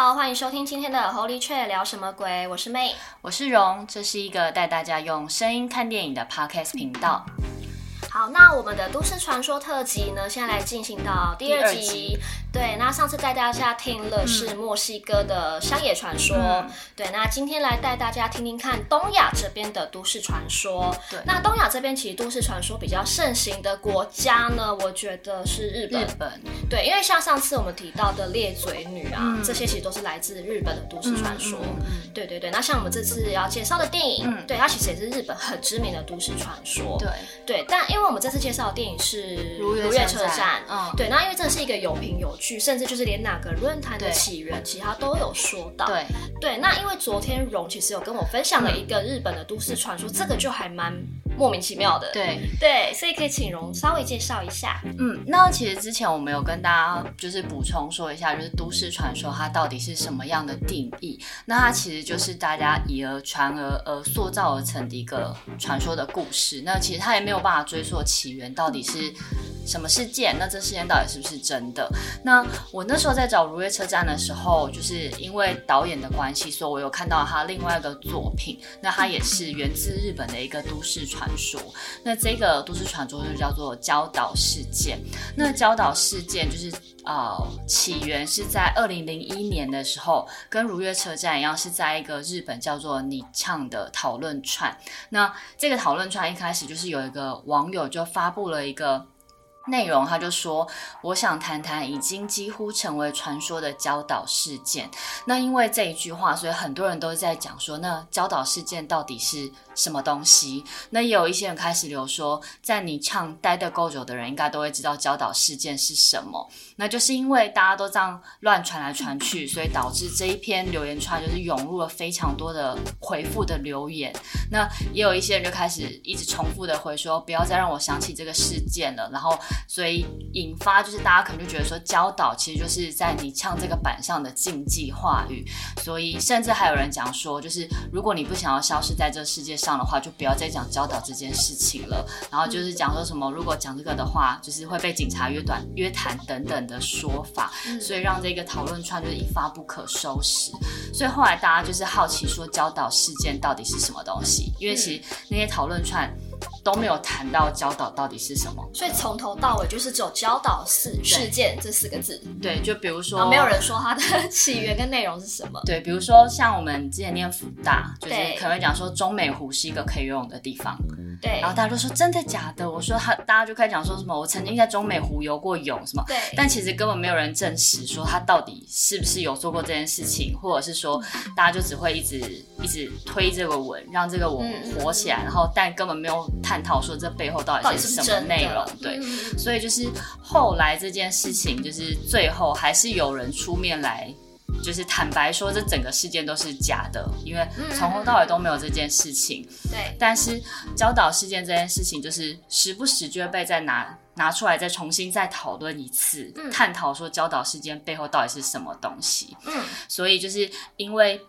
好，歡迎收聽今天的《Holy Chat》聊什麼鬼？我是妹，我是榮，這是一個帶大家用聲音看電影的 Podcast 頻道。好，那我們的都市傳說特輯呢，現在來進行到第二集。二集對，那上次帶大家聽了是墨西哥的鄉野傳說。嗯、對，那今天來帶大家聽聽看東亞這邊的都市傳說。對，那東亞這邊其實都市傳說比較盛行的國家呢，我覺得是日本。日本。對，因為像上次我們提到的裂嘴女啊，嗯、這些其實都是來自日本的都市傳說。嗯嗯嗯對對對。那像我們這次要介紹的電影，嗯、對它其實也是日本很知名的都市傳說。對、嗯、對，但因為。我們這次介紹的電影是《如月車站》。嗯，對。那因為這是一個有憑有據，甚至就是連哪個論壇的起源，其他都有說到。對對，對，對。那因為昨天榮其實有跟我分享了一個日本的都市傳說，嗯、這個就還蠻莫名其妙的。對對。所以可以請榮稍微介紹一下。嗯，那其實之前我們有跟大家就是補充說一下，就是都市傳說它到底是什麼樣的定義？那它其實就是大家以訛傳訛而塑造而成的一個傳說的故事。那其實它也沒有辦法追溯，嗯。做起源到底是？什麼事件？那這事件到底是不是真的？那我那時候在找《如月車站》的時候，就是因為導演的關係，所以我有看到他另外一個作品。那他也是源自日本的一個都市傳說。那這個都市傳說就叫做“鮫島事件”。那鮫島事件就是呃，起源是在二零零一年的時候，跟《如月車站》一樣，是在一個日本叫做 2ch 的討論串。那這個討論串一開始就是有一個網友就發布了一個。內容，他就說：“我想談談已經幾乎成為傳說的鮫島事件。”那因為這一句話，所以很多人都在講說：那鮫島事件到底是？什麼東西？那也有一些人開始留說，在 2ch 待得夠久的人應該都會知道鮫島事件是什麼。那就是因為大家都這樣亂傳來傳去，所以導致這一篇留言串就是湧入了非常多的回復的留言。那也有一些人就開始一直重複的回說，不要再讓我想起這個事件了。然後，所以引發就是大家可能就覺得說，鮫島其實就是在 2ch 這個板上的禁忌話語。所以，甚至還有人講說，就是如果你不想要消失在這個世界上，這樣的話，就不要再講鮫島這件事情了。然後就是講說什麼，如果講這個的話，就是會被警察約短約談等等的說法。嗯、所以讓這個討論串就是一發不可收拾。所以後來大家就是好奇說，鮫島事件到底是什麼東西？因為其實那些討論串。都沒有談到鮫島到底是什麼，所以從頭到尾就是只有鮫島事對事件這四個字。對，就比如說，沒有人說它的起源跟內容是什麼。對，比如說像我們之前念福大，就是可能講說中美湖是一個可以游泳的地方。對，然後大家都說真的假的？我說他，大家就開始講說什麼我曾經在中美湖游過泳，什麼？對，但其實根本沒有人證實說他到底是不是有做過這件事情，或者是說大家就只會一直一直推這個文，讓這個文火起來，嗯、然後但根本沒有探討說這背後到底是什麼內容。真真對，嗯、所以就是後來這件事情，就是最後還是有人出面來。就是坦白說，這整個事件都是假的，因為從頭到尾都沒有這件事情。對、嗯。嗯嗯、但是，鮫島事件這件事情，就是時不時就會被再拿拿出來，再重新再討論一次，嗯、探討說鮫島事件背後到底是什麼東西。嗯。所以，就是因為。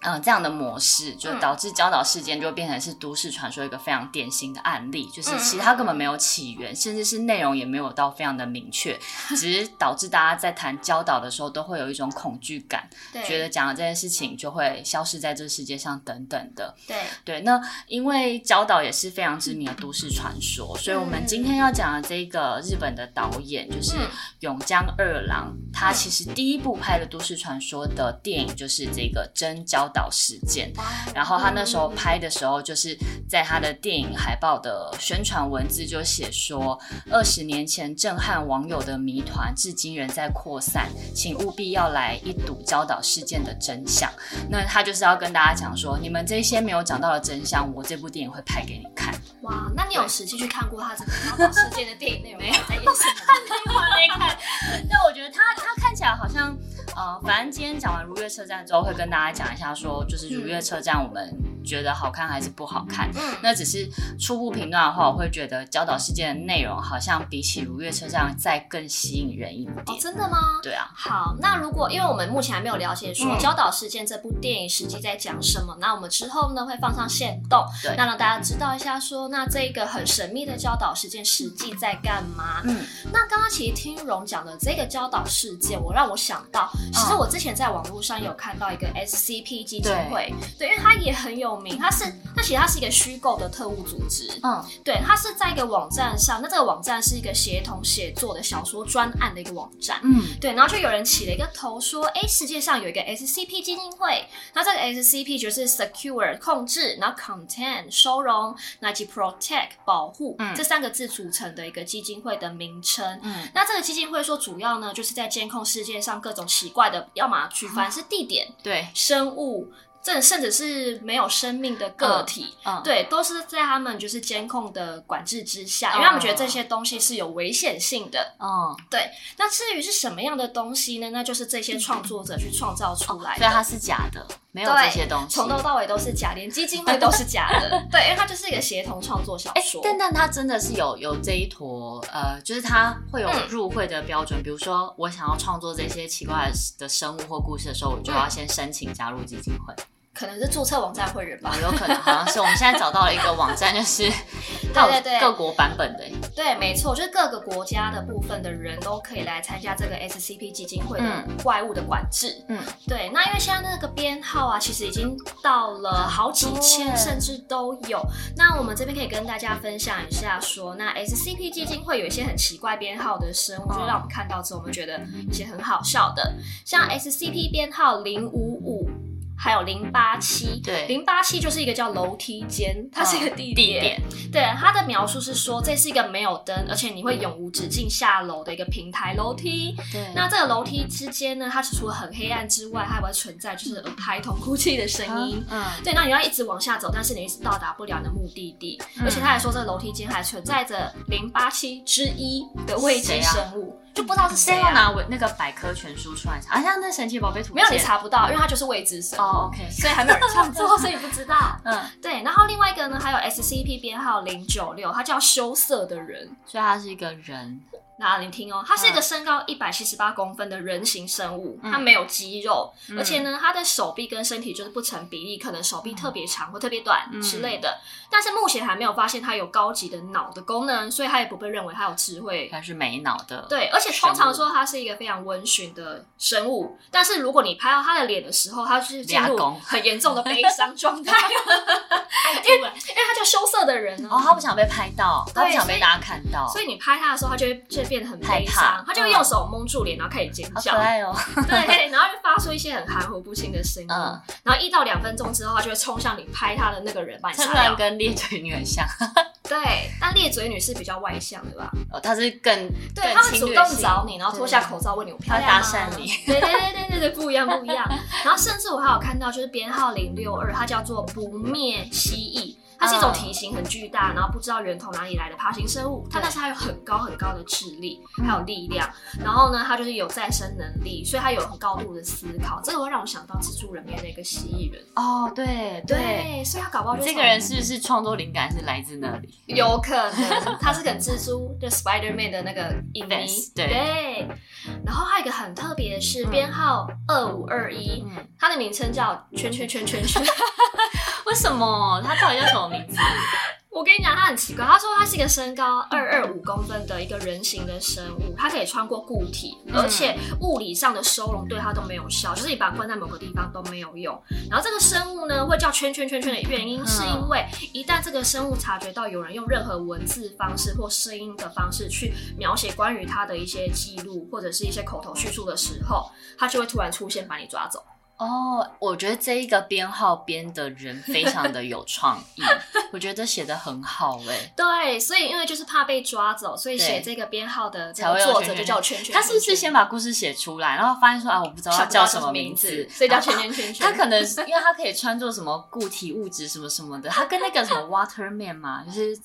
嗯，這樣的模式就導致鮫島事件就變成是都市傳說一個非常典型的案例，嗯、就是其他根本沒有起源，嗯、甚至是內容也沒有到非常的明確，嗯、只是導致大家在談鮫島的時候都會有一種恐懼感，對覺得講的這件事情就會消失在這世界上等等的。對對，那因為鮫島也是非常知名的都市傳說，嗯、所以我們今天要講的這個日本的導演就是永江二郎，嗯、他其實第一部拍的都市傳說的電影就是這個真鮫。鮫島事件，然後他那時候拍的時候，就是在他的電影海報的宣傳文字就寫說，二十年前震撼網友的謎團，至今仍在擴散，請務必要來一睹《鮫島事件》的真相。那他就是要跟大家講說，你們這些沒有講到的真相，我這部電影會拍給你看。哇，那你有實際去看過他這個鮫島事件的電影內容？在演戲嗎？我沒看。但我覺得他他看起來好像。呃，反正今天講完《如月車站》之後，會跟大家講一下，說就是《如月車站》我們覺得好看還是不好看。嗯。那只是初步評斷的話，我會覺得《鮫島事件》的內容好像比起《如月車站》再更吸引人一點。哦、真的嗎？對啊。好，那如果因為我們目前還沒有了解說《鮫島事件》這部電影實際在講什麼，嗯、那我們之後呢會放上限動，對，那讓大家知道一下說，說那這個很神秘的鮫島事件實際在幹嘛？嗯。那剛剛其實聽蓉講的這個鮫島事件，我讓我想到。其實我之前在網絡上有看到一個 S C P 基金會，對，對，因為它也很有名，它是，它其實它是一個虛構的特務組織，嗯，對，它是在一個網站上，那這個網站是一個協同寫作的小說專案的一個網站，嗯，對，然後就有人起了一個頭說，哎、欸，世界上有一個 S C P 基金會，那這個 S C P 就是 Secure 控制，然後 contain 收容，以及 Protect 保護，嗯、這三個字組成的一個基金會的名稱，嗯，那這個基金會說主要呢就是在監控世界上各種奇。奇怪的，要麼去，凡、嗯、是地點，對，生物，這甚至是沒有生命的個體，嗯嗯、對，都是在他們就是監控的管制之下，嗯、因為他們覺得這些東西是有危險性的，嗯，對。那至於是什麼樣的東西呢？那就是這些創作者去創造出來的，哦對它是假的。沒有這些東西，從頭到尾都是假，連基金會都是假的。 對，因為它就是一個協同創作小說、欸。但但它真的是有有這一坨，呃，就是它會有入會的標準。嗯、比如說，我想要創作這些奇怪的生物或故事的時候，我就要先申請加入基金會。可能是註冊網站會人吧， 有可能好像是。我們現在找到了一個網站， 就是到各國版本的、欸對對對。對，沒錯，就是各個國家的部分的人都可以來參加這個 SCP 基金會的怪物的管制。嗯，嗯對。那因為現在那個編號啊，其實已經到了好幾千，哦、甚至都有。那我們這邊可以跟大家分享一下說，說那 SCP 基金會有一些很奇怪編號的生物，就、哦、讓我們看到之後我們覺得一些很好笑的，像 SCP 編號零五五。還有零八七，對，零八七就是一個叫樓梯間，嗯、它是一個地點。點對，它的描述是說，這是一個沒有燈，而且你會永無止境下樓的一個平台樓梯。對，那這個樓梯之間呢，它是除了很黑暗之外，它還會存在就是孩童哭泣的聲音，啊。嗯，對，那你要一直往下走，但是你一直到達不了你的目的地。嗯、而且他還說，這個樓梯間還存在着零八七之一的未知生物。嗯、就不知道是誰、啊、要拿我那個百科全書出來查，嗯、啊？像那神奇寶貝圖片沒有，你查不到，因為它就是未知數。哦、oh，OK， 所以還沒有查不到，所以不知道。 嗯，對。然後另外一個呢，還有 SCP 編號零九六，它叫羞澀的人，所以它是一個人。那、啊、你聽哦，他是一個身高一百七十八公分的人形生物，他、嗯、沒有肌肉，嗯、而且呢，他的手臂跟身體就是不成比例，可能手臂特別長或特別短之類的。嗯嗯、但是目前還沒有發現他有高級的腦的功能，所以他也不被認為他有智慧。他是沒腦的。對，而且通常說他是一個非常溫馴的生物，但是如果你拍到他的臉的時候，他就是進入很嚴重的悲傷狀態，因為因為他就羞澀的人、喔、哦，他不想被拍到，他不想被大家看到。所以，所以你拍他的時候，他就會就。變得很悲傷，他就用手蒙住臉，然後開始尖叫，好可愛哦。對，然後就發出一些很含糊不清的聲音。然後一到兩分鐘之後，他就會衝向你拍他的那個人，幫你擦。雖然跟裂嘴女很像，對，但裂嘴女是比較外向的吧？呃，他是更對他們主動找你，然後脫下口罩問你我漂亮嗎？搭訕你？對對對對對，不一樣不一樣。然後甚至我還有看到，就是編號零六二，它叫做不滅蜥蜴。它是一種體型很巨大，然後不知道源頭哪裡來的爬行生物。它但是它有很高很高的智力，還有力量。然後呢，它就是有再生能力，所以它有很高度的思考。這個會讓我想到蜘蛛人面的一個蜥蜴人哦，對對,對，所以它搞不好這個人是不是創作靈感是來自哪裡？有可能，他是跟蜘蛛，就 Spider Man 的那個 events 對,對。然後還有一個很特別的是編號二五二一，它的名稱叫圈圈圈圈圈。 為什麼？它到底叫什麼名字？ 我跟你講，它很奇怪。他說它是一個身高二二五公分的一個人形的生物，它可以穿過固體，而且物理上的收容對它都沒有效，嗯、就是你把它關在某個地方都沒有用。然後這個生物呢，會叫圈圈圈圈的原因，嗯、是因為一旦這個生物察覺到有人用任何文字方式或聲音的方式去描寫關於它的一些記錄或者是一些口頭敘述的時候，它就會突然出現把你抓走。哦，oh, 我覺得這一個編號編的人非常的有創意， 我覺得寫的很好哎、欸。對，所以因為就是怕被抓走，所以寫這個編號的這個作者就叫圈圈、圈、圈、圈。他是不是先把故事寫出來，然後發現說啊，我不知道他叫什麼名字，所以叫圈圈圈圈、圈他。他可能是因為他可以穿作什麼固體物質什麼什麼的，他跟那個什麼 Waterman 嘛， 就是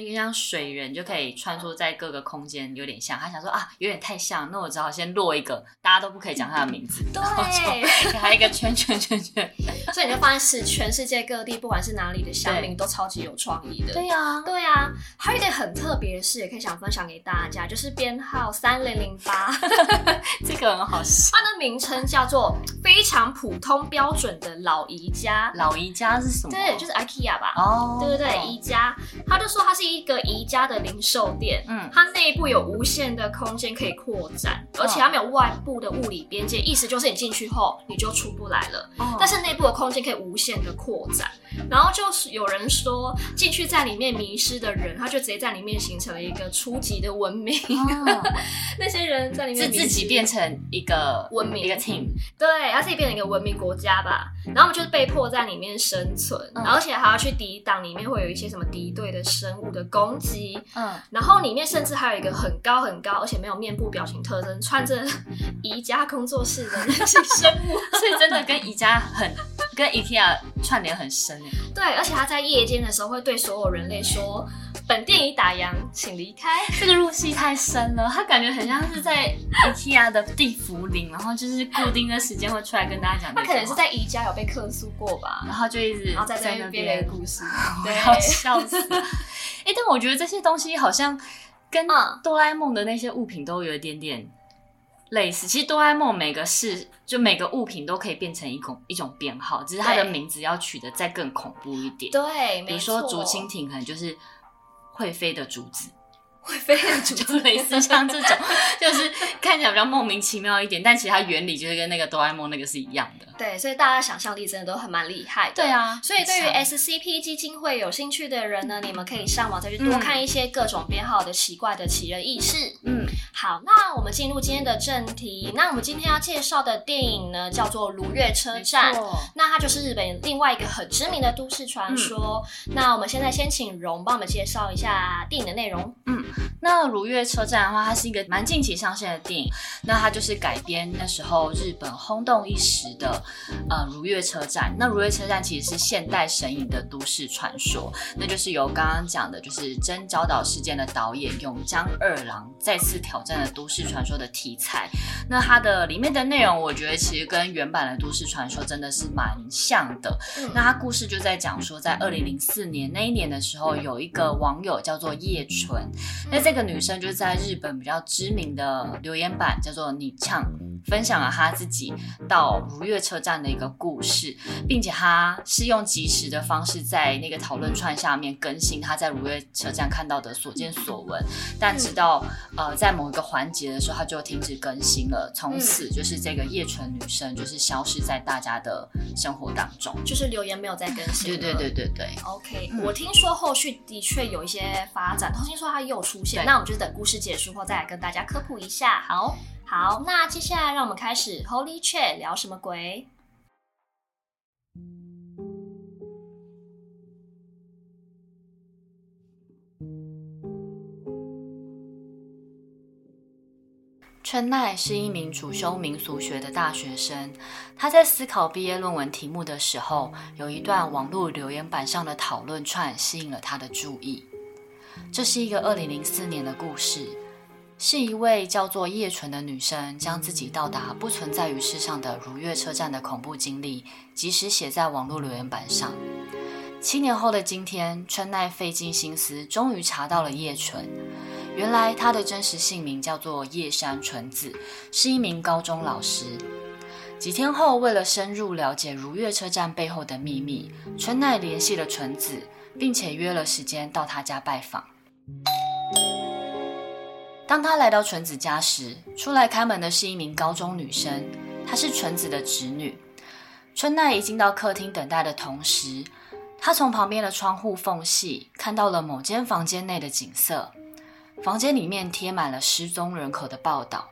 一像水人就可以穿梭在各個空間，有點像。他想說啊，有點太像，那我只好先落一個，大家都不可以講他的名字。對。 還有一個圈圈圈圈， 所以你就發現是全世界各地，不管是哪裡的鄉民對都超級有創意的。對呀、啊，對呀、啊。還有一點很特別的事，也可以想分享給大家，就是編號三零零八， 這個很好笑。它的名稱叫做非常普通標準的老宜家。老宜家是什麼？對，就是 IKEA 吧？哦，oh, 對對對，宜家。他就說它是一個宜家的零售店，嗯，它內部有無限的空間可以擴展，而且它沒有外部的物理邊界，意思就是你進去後，你就。出不來了，oh. 但是內部的空間可以無限的擴展。然後就是有人說進去在裡面迷失的人，他就直接在裡面形成了一個初級的文明。哦、 那些人在裡面是自己變成一個文明，一個 team。對，他自己變成一個文明國家吧。然後我們就是被迫在裡面生存，嗯、而且還要去抵擋裡面會有一些什麼敵對的生物的攻擊。嗯，然後裡面甚至還有一個很高很高，而且沒有面部表情特徵，穿着宜家工作室的那些生物， 所以真的跟宜家很。 跟 IKEA 串聯很深哎，對，而且他在夜間的時候會對所有人類說：“本店已打烊，請離開。” 這個入戲太深了，他感覺很像是在 IKEA 的地縛靈，然後就是固定的時間會出來跟大家講。他可能是在宜家有被客訴過吧，然後就一直、嗯、在那邊故事，對，好笑死。哎、 欸，但我覺得這些東西好像跟哆啦 A 夢的那些物品都有一點點。類似，其實哆啦 A 夢每個事，就每個物品都可以變成一種一種編號，只是它的名字要取得再更恐怖一點。對，比如說竹蜻蜓，可能就是會飛的竹子。非常就類似像這種，就是看起來比較莫名其妙一點，但其實它原理就是跟那個哆啦 A 夢那個是一樣的。對，所以大家想象力真的都還蠻厲害的。對啊，所以對於 S C P 基金會有興趣的人呢，你們可以上網再去多看一些各種編號的奇怪的奇人異事。嗯，好，那我們進入今天的正題。那我們今天要介紹的電影呢，叫做《如月車站》，沒錯。那它就是日本另外一個很知名的都市傳說。嗯、那我們現在先請榮幫我們介紹一下電影的內容。嗯。那如月車站的話，它是一個蠻近期上線的電影。那它就是改編那時候日本轟動一時的呃如月車站。那如月車站其實是現代神隱的都市傳說，那就是由剛剛講的就是真鮫島事件的導演永江二郎再次挑戰了都市傳說的題材。那它的裡面的內容，我覺得其實跟原版的都市傳說真的是蠻像的。那它故事就在講說在，在二零零四年那一年的時候，有一個網友叫做葉純。那這個女生就是在日本比較知名的留言板叫做 “2ch”。分享了他自己到如月車站的一個故事，並且他是用即時的方式在那個討論串下面更新他在如月車站看到的所見所聞，但直到、嗯、呃在某一個環節的時候他就停止更新了，從此就是這個葉純女生就是消失在大家的生活當中，嗯、就是留言沒有再更新對對對對對。OK，嗯、我聽說後續的確有一些發展，聽說他又出現，對那我們就等故事結束後再來跟大家科普一下，好。好，那接下來讓我們開始 Holy Chat 聊什麼鬼？春奈是一名主修民俗學的大學生，他在思考畢業論文題目的時候，有一段網絡留言板上的討論串吸引了他的注意。這是一個二零零四年的故事。是一位叫做葉純的女生，將自己到達不存在於世上的如月車站的恐怖經歷及時寫在網絡留言板上。七年後的今天，春奈費盡心思，終於查到了葉純。原來，她的真實姓名叫做葉山純子，是一名高中老師。幾天後，為了深入了解如月車站背後的秘密，春奈聯繫了純子，並且約了時間到她家拜訪。當他來到純子家時，出來開門的是一名高中女生，她是純子的侄女。春奈一進到客廳等待的同時，她從旁邊的窗戶縫隙看到了某間房間內的景色。房間裡面貼滿了失蹤人口的報道。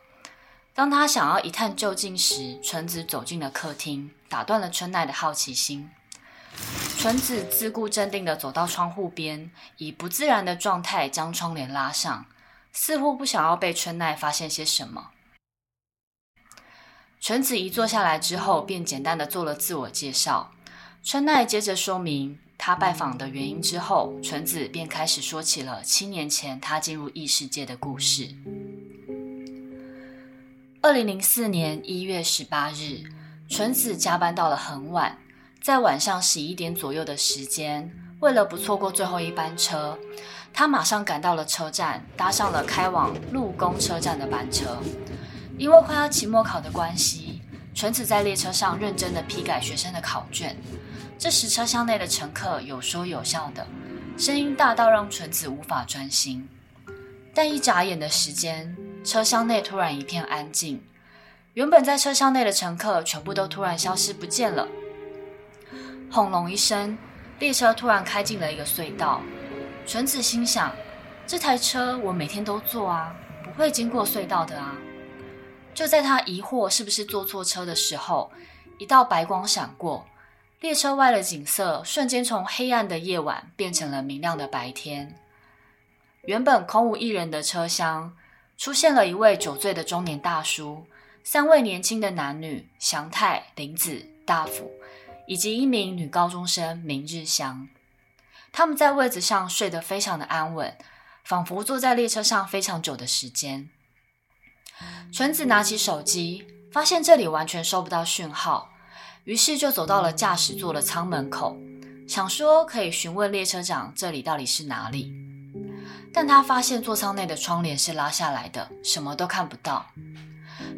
當她想要一探究竟時，純子走進了客廳，打斷了春奈的好奇心。純子自顧鎮定地走到窗戶邊，以不自然的狀態將窗簾拉上。似乎不想要被春奈發現些什麼。純子一坐下來之後，便簡單地做了自我介紹。春奈接着說明他拜訪的原因之後，純子便開始說起了七年前他進入異世界的故事。二零零四年一月十八日，純子加班到了很晚，在晚上十一點左右的時間，為了不錯過最後一班車。他馬上趕到了車站，搭上了開往路宮車站的班車。因為快要期末考的關係，純子在列車上認真地批改學生的考卷。這時，車廂內的乘客有說有笑的聲音大到讓純子無法專心。但一眨眼的時間，車廂內突然一片安靜，原本在車廂內的乘客全部都突然消失不見了。轟隆一聲，列車突然開進了一個隧道。純子心想，這台車我每天都坐啊，不會經過隧道的啊。就在他疑惑是不是坐錯車的時候，一道白光閃過，列車外的景色瞬間從黑暗的夜晚變成了明亮的白天。原本空無一人的車廂，出現了一位酒醉的中年大叔，三位年輕的男女祥太、玲子、大輔以及一名女高中生明日香。他們在位子上睡得非常的安穩，仿佛坐在列車上非常久的時間。純子拿起手機，發現這裡完全收不到訊號，於是就走到了駕駛座的艙門口，想說可以詢問列車長這裡到底是哪裡。但他發現座艙內的窗簾是拉下來的，什麼都看不到。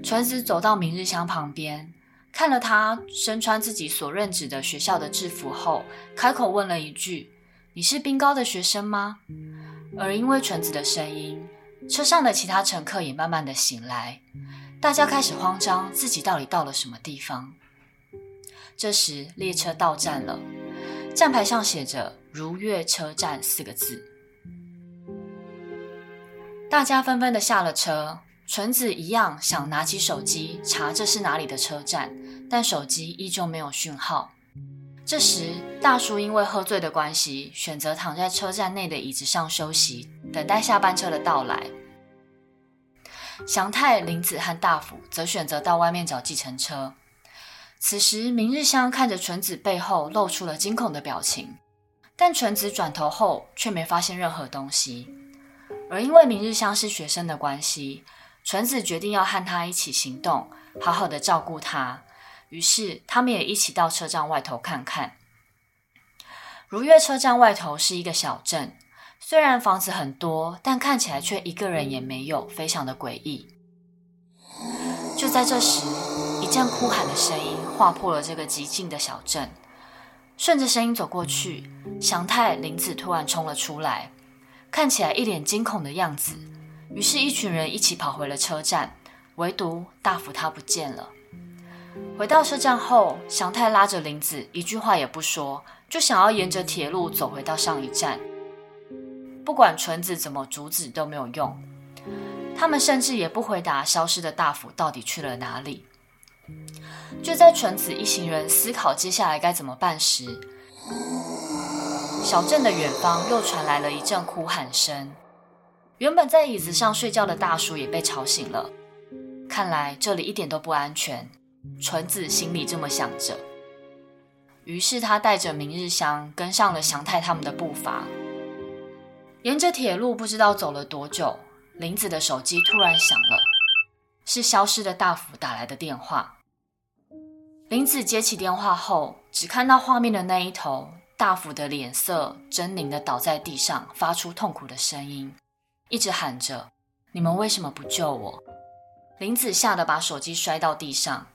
純子走到明日香旁邊，看了他身穿自己所認知的學校的制服後，開口問了一句。你是冰高的學生嗎？而因為純子的聲音，車上的其他乘客也慢慢的醒來，大家開始慌張，自己到底到了什麼地方？這時，列車到站了，站牌上寫着“如月車站”四個字，大家紛紛的下了車，純子一樣想拿起手機查這是哪裡的車站，但手機依舊沒有訊號。這時，大叔因為喝醉的關係，選擇躺在車站內的椅子上休息，等待下班車的到來。祥太、林子和大輔則選擇到外面找計程車。此時，明日香看着純子背後，露出了驚恐的表情。但純子轉頭後，卻沒發現任何東西。而因為明日香是學生的關係，純子決定要和他一起行動，好好的照顧他。於是他們也一起到車站外頭看看。如月車站外頭是一個小鎮，雖然房子很多，但看起來卻一個人也沒有，非常的詭異。就在這時，一陣哭喊的聲音劃破了這個寂靜的小鎮。順着聲音走過去，祥太、林子突然衝了出來，看起來一臉驚恐的樣子。於是，一群人一起跑回了車站，唯獨大福他不見了。回到車站後，祥太拉着林子，一句話也不說，就想要沿着鐵路走回到上一站。不管純子怎麼阻止都沒有用，他們甚至也不回答消失的大輔到底去了哪裡。就在純子一行人思考接下來該怎麼辦時，小鎮的遠方又傳來了一陣哭喊聲。原本在椅子上睡覺的大叔也被吵醒了。看來這裡一點都不安全。純子心裡這麼想着，於是她帶着明日香跟上了祥太他們的步伐。沿着鐵路，不知道走了多久，林子的手機突然響了，是消失的大福打來的電話。林子接起電話後，只看到畫面的那一頭，大福的臉色猙獰地倒在地上，發出痛苦的聲音，一直喊着：“你們為什麼不救我？”林子嚇得把手機摔到地上。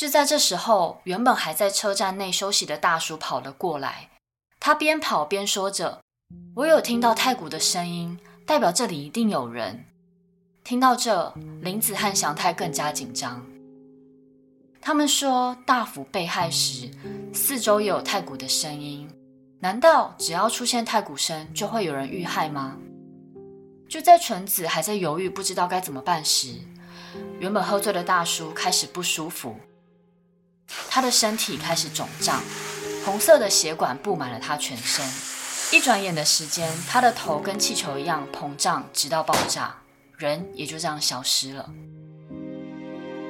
就在這時候，原本還在車站內休息的大叔跑了過來。他邊跑邊說着：“我有聽到太鼓的聲音，代表這裡一定有人。”聽到這，林子和祥太更加緊張。他們說，大輔被害時，四周也有太鼓的聲音。難道只要出現太鼓聲，就會有人遇害嗎？就在純子還在猶豫不知道該怎麼辦時，原本喝醉的大叔開始不舒服。他的身體開始腫脹，紅色的血管布滿了他全身。一轉眼的時間，他的頭跟氣球一樣膨脹，直到爆炸，人也就這樣消失了。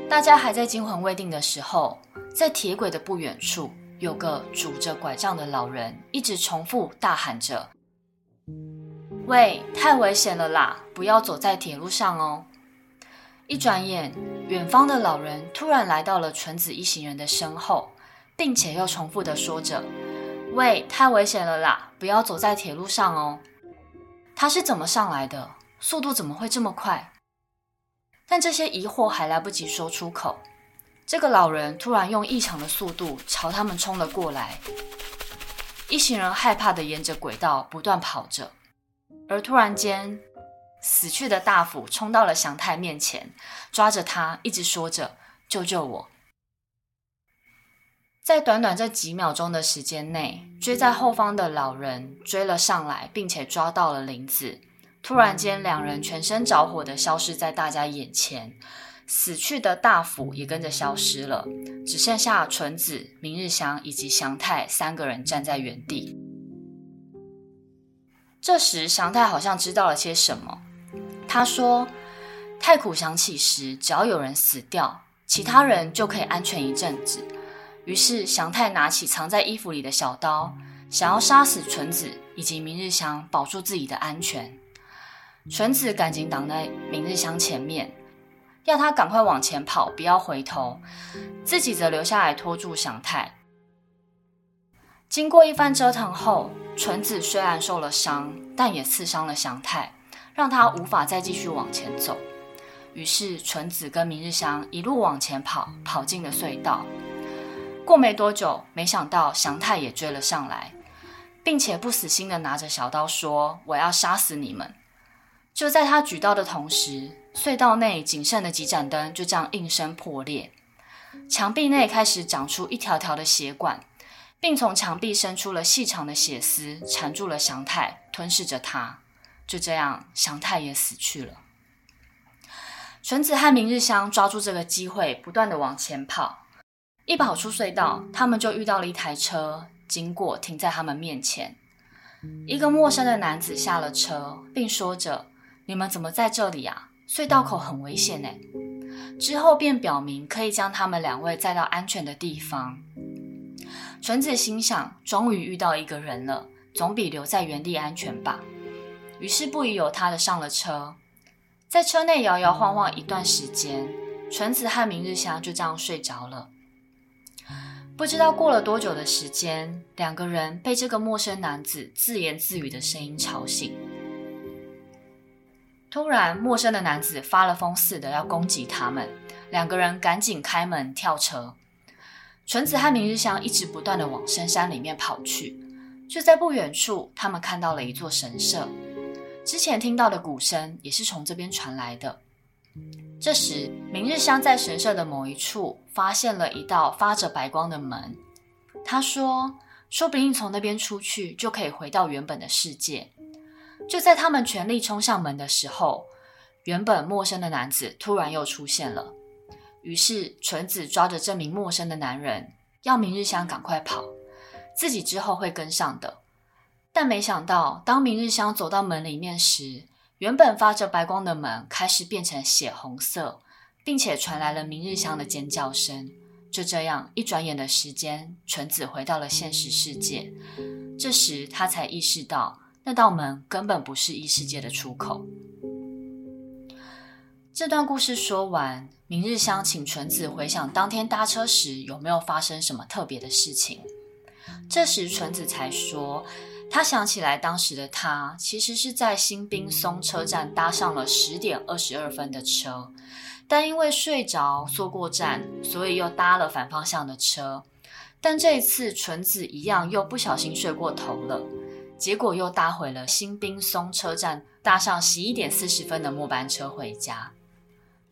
大家還在驚魂未定的時候，在鐵軌的不遠處，有個拄着拐杖的老人一直重複大喊着：“喂，太危險了啦，不要走在鐵路上哦。”一轉眼，遠方的老人突然來到了純子一行人的身後，並且又重複地說着：“喂，太危險了啦，不要走在鐵路上哦。”他是怎麼上來的？速度怎麼會這麼快？但這些疑惑還來不及說出口，這個老人突然用異常的速度朝他們衝了過來。一行人害怕地沿着軌道不斷跑着，而突然間，死去的大輔衝到了祥太面前，抓着他，一直說着：“救救我！”在短短這幾秒鐘的時間內，追在後方的老人追了上來，並且抓到了林子。突然間，兩人全身着火的消失在大家眼前，死去的大輔也跟着消失了，只剩下純子、明日祥以及祥太三個人站在原地。這時，祥太好像知道了些什麼。他說：“太鼓響起時，只要有人死掉，其他人就可以安全一陣子。”於是祥太拿起藏在衣服裡的小刀，想要殺死純子以及明日香，保住自己的安全。純子趕緊擋在明日香前面，要他趕快往前跑，不要回頭，自己則留下來拖住祥太。經過一番折騰後，純子雖然受了傷，但也刺傷了祥太。讓他無法再繼續往前走，於是純子跟明日香一路往前跑，跑進了隧道。過沒多久，沒想到祥太也追了上來，並且不死心的拿着小刀說：“我要殺死你們！”就在他舉刀的同時，隧道內僅剩的幾盞燈就這樣應聲破裂，牆壁內開始長出一條條的血管，並從牆壁伸出了細長的血絲，纏住了祥太，吞噬着他。就這樣，祥太也死去了。純子和明日香抓住這個機會，不斷的往前跑。一跑出隧道，他們就遇到了一台車經過，停在他們面前。一個陌生的男子下了車，並說着：“你們怎麼在這裡啊？隧道口很危險哎。”之後便表明可以將他們兩位載到安全的地方。純子心想：終於遇到一個人了，總比留在原地安全吧。於是不疑有他的上了車，在車內搖搖晃晃一段時間，純子和明日香就這樣睡着了。不知道過了多久的時間，兩個人被這個陌生男子自言自語的聲音吵醒。突然，陌生的男子發了瘋似的要攻擊他們，兩個人趕緊開門跳車。純子和明日香一直不斷的往深山裡面跑去，就在不遠處，他們看到了一座神社。之前聽到的鼓聲也是從這邊傳來的。這時，明日香在神社的某一處發現了一道發着白光的門。她說：“說不定從那邊出去就可以回到原本的世界。”就在他們全力衝上門的時候，原本陌生的男子突然又出現了。於是，純子抓着這名陌生的男人，要明日香趕快跑，自己之後會跟上的。但沒想到，當明日香走到門裡面時，原本發着白光的門開始變成血紅色，並且傳來了明日香的尖叫聲。就這樣，一轉眼的時間，純子回到了現實世界。這時，她才意識到那道門根本不是異世界的出口。這段故事說完，明日香請純子回想當天搭車時有沒有發生什麼特別的事情。這時，純子才說，他想起來，當時的他其實是在新濱松車站搭上了十點二十二分的車，但因為睡着坐過站，所以又搭了反方向的車。但這一次，純子一樣又不小心睡過頭了，結果又搭回了新濱松車站，搭上十一點四十分的末班車回家。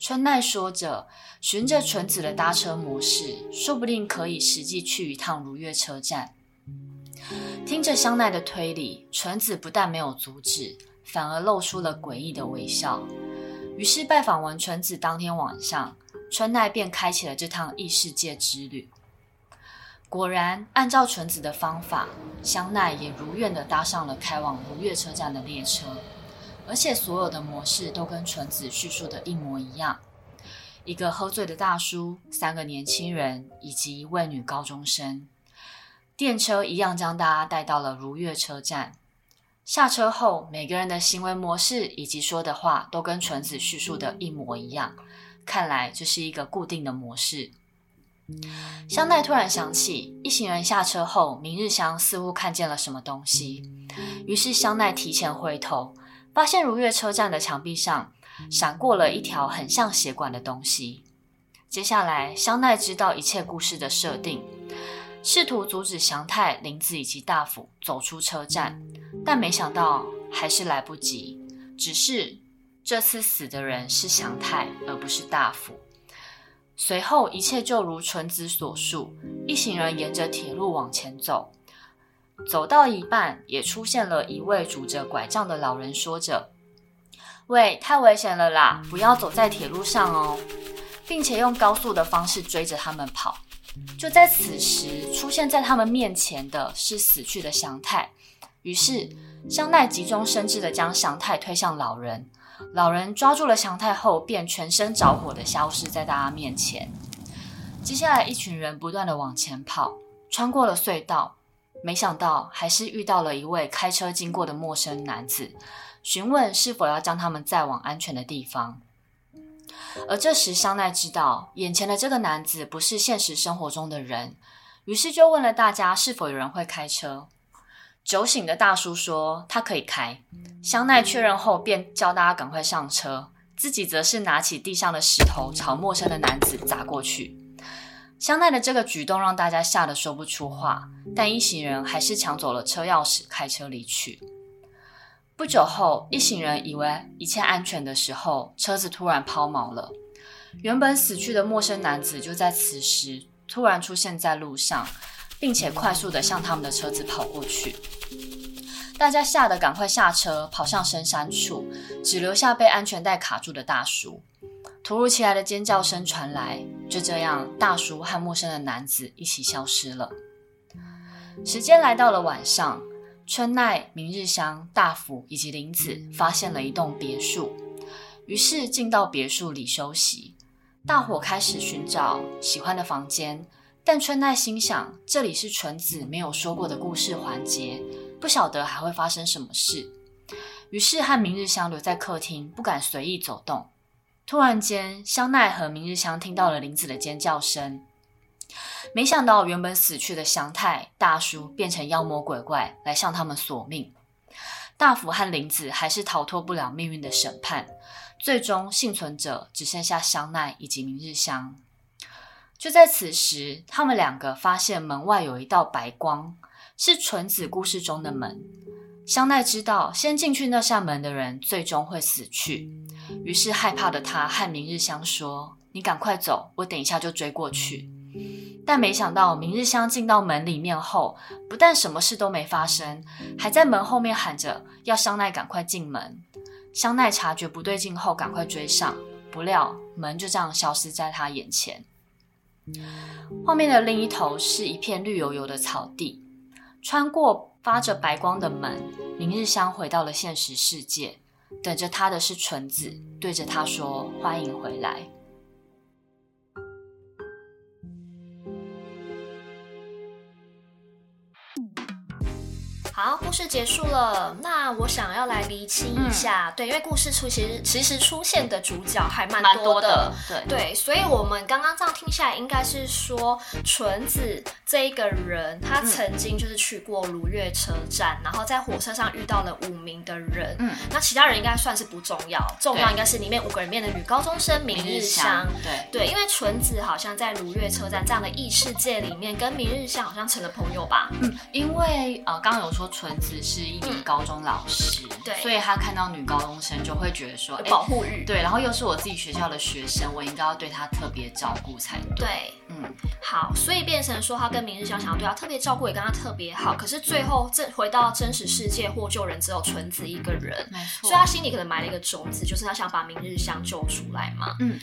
春奈說着，循着純子的搭車模式，說不定可以實際去一趟如月車站。聽着香奈的推理，純子不但沒有阻止，反而露出了詭異的微笑。於是拜訪完純子當天晚上，春奈便開啟了這趟異世界之旅。果然，按照純子的方法，香奈也如願的搭上了開往如月車站的列車，而且所有的模式都跟純子敘述的一模一樣：一個喝醉的大叔，三個年輕人以及一位女高中生。電車一樣將大家帶到了如月車站。下車後，每個人的行為模式以及說的話都跟純子敘述的一模一樣，看來這是一個固定的模式。嗯、香奈突然想起，一行人下車後，明日香似乎看見了什麼東西，於是香奈提前回頭，發現如月車站的牆壁上閃過了一條很像血管的東西。接下來，香奈知道一切故事的設定。試圖阻止祥太、林子以及大輔走出車站，但沒想到還是來不及。只是這次死的人是祥太，而不是大輔。隨後一切就如純子所述，一行人沿着鐵路往前走。走到一半，也出現了一位拄着拐杖的老人，說着：“喂，太危險了啦，不要走在鐵路上哦！”並且用高速的方式追着他們跑。就在此時，出現在他們面前的是死去的祥太。於是，香奈急中生智的將祥太推向老人。老人抓住了祥太後，便全身着火的消失在大家面前。接下來，一群人不斷的往前跑，穿過了隧道，沒想到還是遇到了一位開車經過的陌生男子，詢問是否要將他們載往安全的地方。而這時，香奈知道眼前的這個男子不是現實生活中的人，於是就問了大家是否有人會開車。酒醒的大叔說他可以開，香奈確認後便叫大家趕快上車，自己則是拿起地上的石頭朝陌生的男子砸過去。香奈的這個舉動讓大家嚇得說不出話，但一行人還是搶走了車鑰匙，開車離去。不久後，一行人以為一切安全的時候，車子突然拋錨了。原本死去的陌生男子就在此時突然出現在路上，並且快速地向他們的車子跑過去。大家嚇得趕快下車，跑向深山處，只留下被安全帶卡住的大叔。突如其來的尖叫聲傳來，就這樣，大叔和陌生的男子一起消失了。時間來到了晚上。春奈、明日香、大福以及玲子發現了一棟別墅，於是進到別墅裡休息。大夥開始尋找喜歡的房間，但春奈心想這裡是純子沒有說過的故事環節，不曉得還會發生什麼事，於是和明日香留在客廳，不敢隨意走動。突然間，香奈和明日香聽到了玲子的尖叫聲。沒想到，原本死去的祥泰大叔變成妖魔鬼怪來向他們索命。大輔和玲子還是逃脫不了命運的審判，最終倖存者只剩下香奈以及明日香。就在此時，他們兩個發現門外有一道白光，是純子故事中的門。香奈知道先進去那扇門的人最終會死去，於是害怕的他和明日香說：“你趕快走，我等一下就追過去。”但沒想到，明日香進到門裡面後，不但什麼事都沒發生，還在門後面喊着要香奈趕快進門。香奈察覺不對勁後，趕快追上，不料門就這樣消失在她眼前。畫面的另一頭是一片綠油油的草地，穿過發着白光的門，明日香回到了現實世界，等着她的是純子，對着她說：“歡迎回來。”好，故事結束了。那我想要來釐清一下，嗯、對，因為故事出其實其實出現的主角還蠻多，多的，對對，對，所以我們剛剛這樣聽下來，應該是說純、嗯、子這一個人，他曾經就是去過如月車站，嗯、然後在火車上遇到了五名的人，嗯，那其他人應該算是不重要，重要應該是裡面五個人面的女高中生對明日香，對對，因為純子好像在如月車站這樣的異世界裡面，跟明日香好像成了朋友吧，嗯，因為呃，剛剛有說。純子是一名高中老師，嗯、對，所以他看到女高中生就會覺得說、欸、保護欲，對，然後又是我自己學校的學生，我應該要對他特別照顧才對。對嗯，好，所以變成說他跟明日香想要對他特別照顧，也跟他特別好。可是最後，這回到真實世界獲救人只有純子一個人，沒錯。所以他心裡可能埋了一個種子，就是他想把明日香救出來嘛。嗯，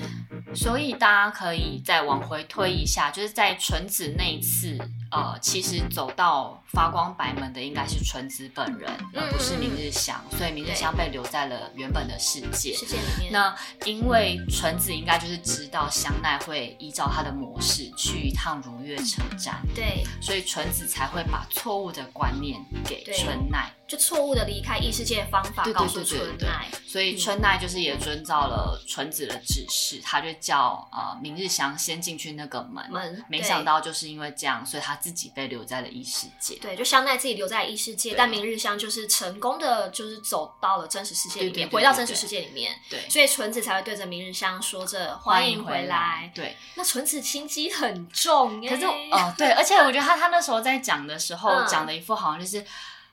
所以大家可以再往回推一下，就是在純子那一次，呃，其實走到發光白門的應該是純子本人，嗯嗯而不是明日香。所以明日香被留在了原本的世界，世界裡面。那因為純子應該就是知道香奈會依照他的模式。只去一趟如月車站，嗯，對，所以純子才會把錯誤的觀念給春奈。就錯誤的離開異世界的方法告訴春奈，所以春奈就是也遵照了純子的指示，他就叫呃明日香先進去那個門門。沒想到就是因為這樣，所以他自己被留在了異世界。對，就香奈自己留在異世界，但明日香就是成功的，就是走到了真實世界裡面，回到真實世界裡面。對，所以純子才會對着明日香說着歡迎回來。對，那純子心機很重哎。可是哦，對，而且我覺得他他那時候在講的時候，講的一副好像就是。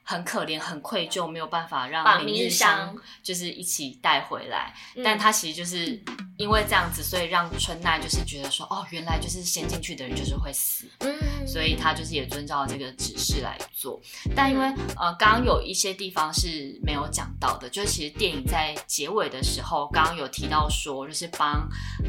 很可憐，很愧疚，沒有辦法讓明日香就是一起帶回來，但他其實就是。因為這樣子，所以讓春奈就是覺得說，哦，原來就是先進去的人就是會死，所以他就是也遵照這個指示來做。但因為呃，剛剛有一些地方是沒有講到的，就是其實電影在結尾的時候，剛剛有提到說，就是幫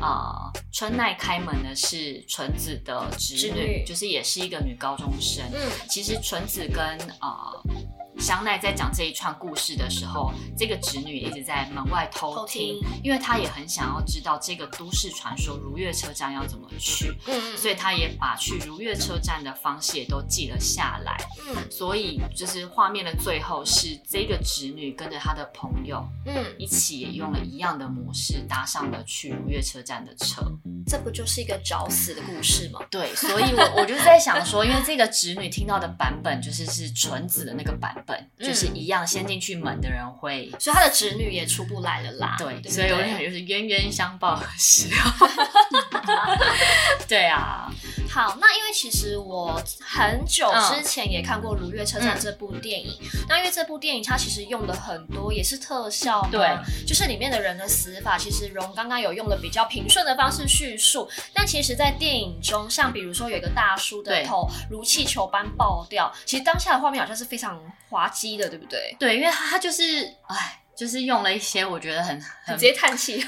啊、呃、春奈開門的是純子的侄女，是女就是也是一個女高中生。其實純子跟啊。呃香奈在講這一串故事的時候，這個侄女一直在門外偷聽，因為她也很想要知道這個都市傳說如月車站要怎麼去，嗯，所以她也把去如月車站的方式也都記了下來，嗯，所以就是畫面的最後是這個侄女跟着她的朋友，嗯，一起也用了一樣的模式搭上了去如月車站的車，這不就是一個找死的故事嗎？對，所以我我就在想說，因為這個侄女聽到的版本就是是純子的那個版本。本就是一樣，先進去門的人會，嗯、所以他的侄女也出不來了啦。嗯、對，對對，所以我想就是冤冤相報何時了？ 對啊。好，那因為其實我很久之前也看過《如月車站》這部電影，嗯、那因為這部電影它其實用的很多也是特效，嘛對，就是裡面的人的死法，其實蓉剛剛有用的比較平順的方式敘述，但其實，在電影中，像比如說有一個大叔的頭如氣球般爆掉，對其實當下的畫面好像是非常滑稽的，對不對？對，因為他就是哎。唉就是用了一些我覺得很很直接嘆氣，就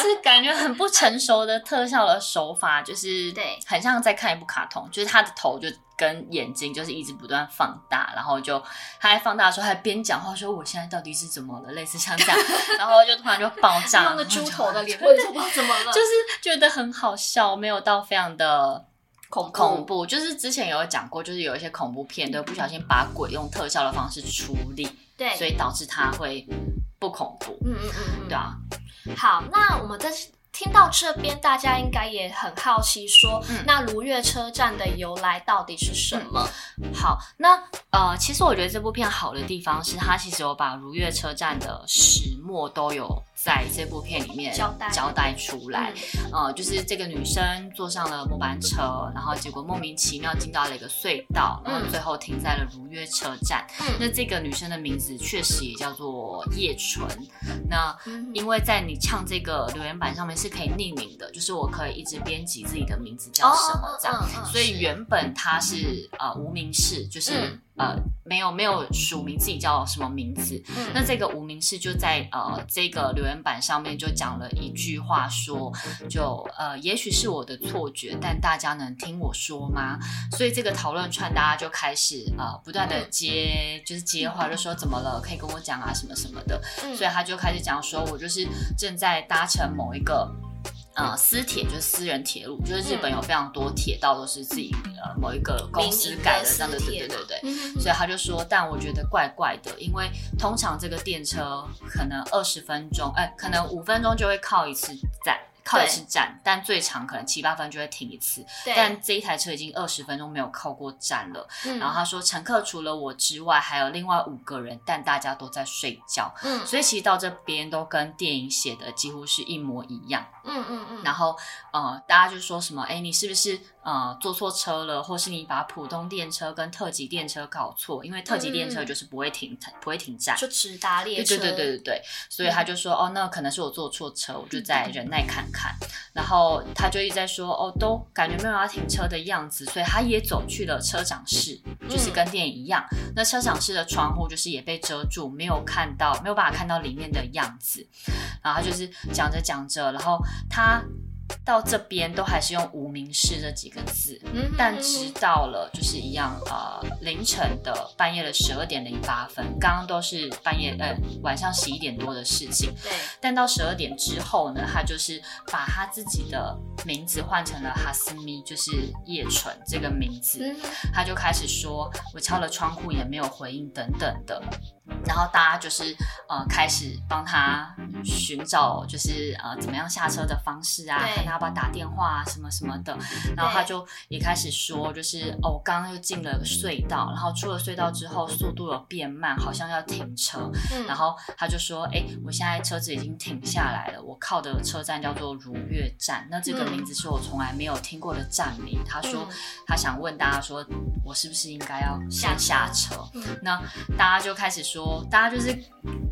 是感覺很不成熟的特效的手法，就是對，很像在看一部卡通，就是他的頭就跟眼睛就是一直不斷放大，然後就他在放大的時候還邊講話說，我現在到底是怎麼了，類似像這樣，然後就突然就爆炸，那個豬頭的臉，我到底是怎麼了？就是覺得很好笑，沒有到非常的恐怖恐怖，就是之前有講過，就是有一些恐怖片都不小心把鬼用特效的方式處理。對，所以導致它會不恐怖。嗯嗯嗯對啊。好，那我們在聽到這邊，大家應該也很好奇說，說、嗯、那如月車站的由來到底是什麼？嗯嗯、好，那呃，其實我覺得這部片好的地方是，它其實有把如月車站的始末都有在這部片裡面交代交代出來，嗯、呃，就是這個女生坐上了末班車，然後結果莫名其妙進到了一個隧道，嗯、然後最後停在了如月車站。嗯、那這個女生的名字確實也叫做葉純。嗯、那因為在 2ch 這個留言板上面是可以匿名的，就是我可以一直編輯自己的名字叫什麼這樣，哦嗯、所以原本她是、嗯、呃無名氏，就是。呃，沒有沒有署名自己叫什麼名字，嗯、那這個無名氏就在呃這個留言板上面就講了一句話說，說就呃也許是我的錯覺，但大家能聽我說嗎？所以這個討論串大家就開始呃不斷的接，就是接話，就說怎麼了，可以跟我講啊什麼什麼的，嗯、所以他就開始講說我就是正在搭乘某一個。啊、呃，私鐵就是私人鐵路，嗯、就是日本有非常多鐵道都是自己、嗯、呃某一個公司改的這樣子，對，對對對對。嗯、所以他就說，但我覺得怪怪的，嗯、因為通常這個電車可能二十分鐘，哎、呃，可能五分鐘就會靠一次站。靠的是站，對但最長可能七八分就會停一次。對但這一台車已經二十分鐘沒有靠過站了。嗯，然後他說乘客除了我之外還有另外五個人，但大家都在睡覺。嗯，所以其實到這邊都跟電影寫的幾乎是一模一樣。嗯嗯嗯。嗯嗯然後呃，大家就說什麼？哎，你是不是？呃、嗯，坐錯車了，或是你把普通電車跟特急電車搞錯，因為特急電車就是不會停，嗯、不會停站，就直達列車。對對對對對，所以他就說，嗯、哦，那可能是我坐錯車，我就再忍耐看看。然後他就一直在說，哦，都感覺沒有要停車的樣子，所以他也走去了車長室，就是跟電影一樣，嗯、那車長室的窗戶就是也被遮住，沒有看到，沒有辦法看到裡面的樣子。然後他就是講着講着，然後他。到這邊都還是用無名氏這幾個字，嗯哼嗯哼，但直到了就是一樣呃凌晨的半夜的十二點零八分，剛剛都是半夜呃、欸、晚上十一點多的事情，對，但到十二點之後呢，他就是把他自己的名字換成了哈斯密，就是葉純這個名字，嗯、哼他就開始說我敲了窗戶也沒有回應等等的。然後大家就是呃開始幫他尋找，就是呃怎麼樣下車的方式啊？對看他要不要打電話啊，什麼什麼的。然後他就也開始說，就是對哦，剛剛又進了隧道，然後出了隧道之後速度有變慢，好像要停車。嗯、然後他就說，哎、欸，我現在車子已經停下來了，我靠的車站叫做如月站。那這個名字是我從來沒有聽過的站名。嗯、他說他想問大家說，我是不是應該要先下車？下車嗯、那大家就開始說。說大家就是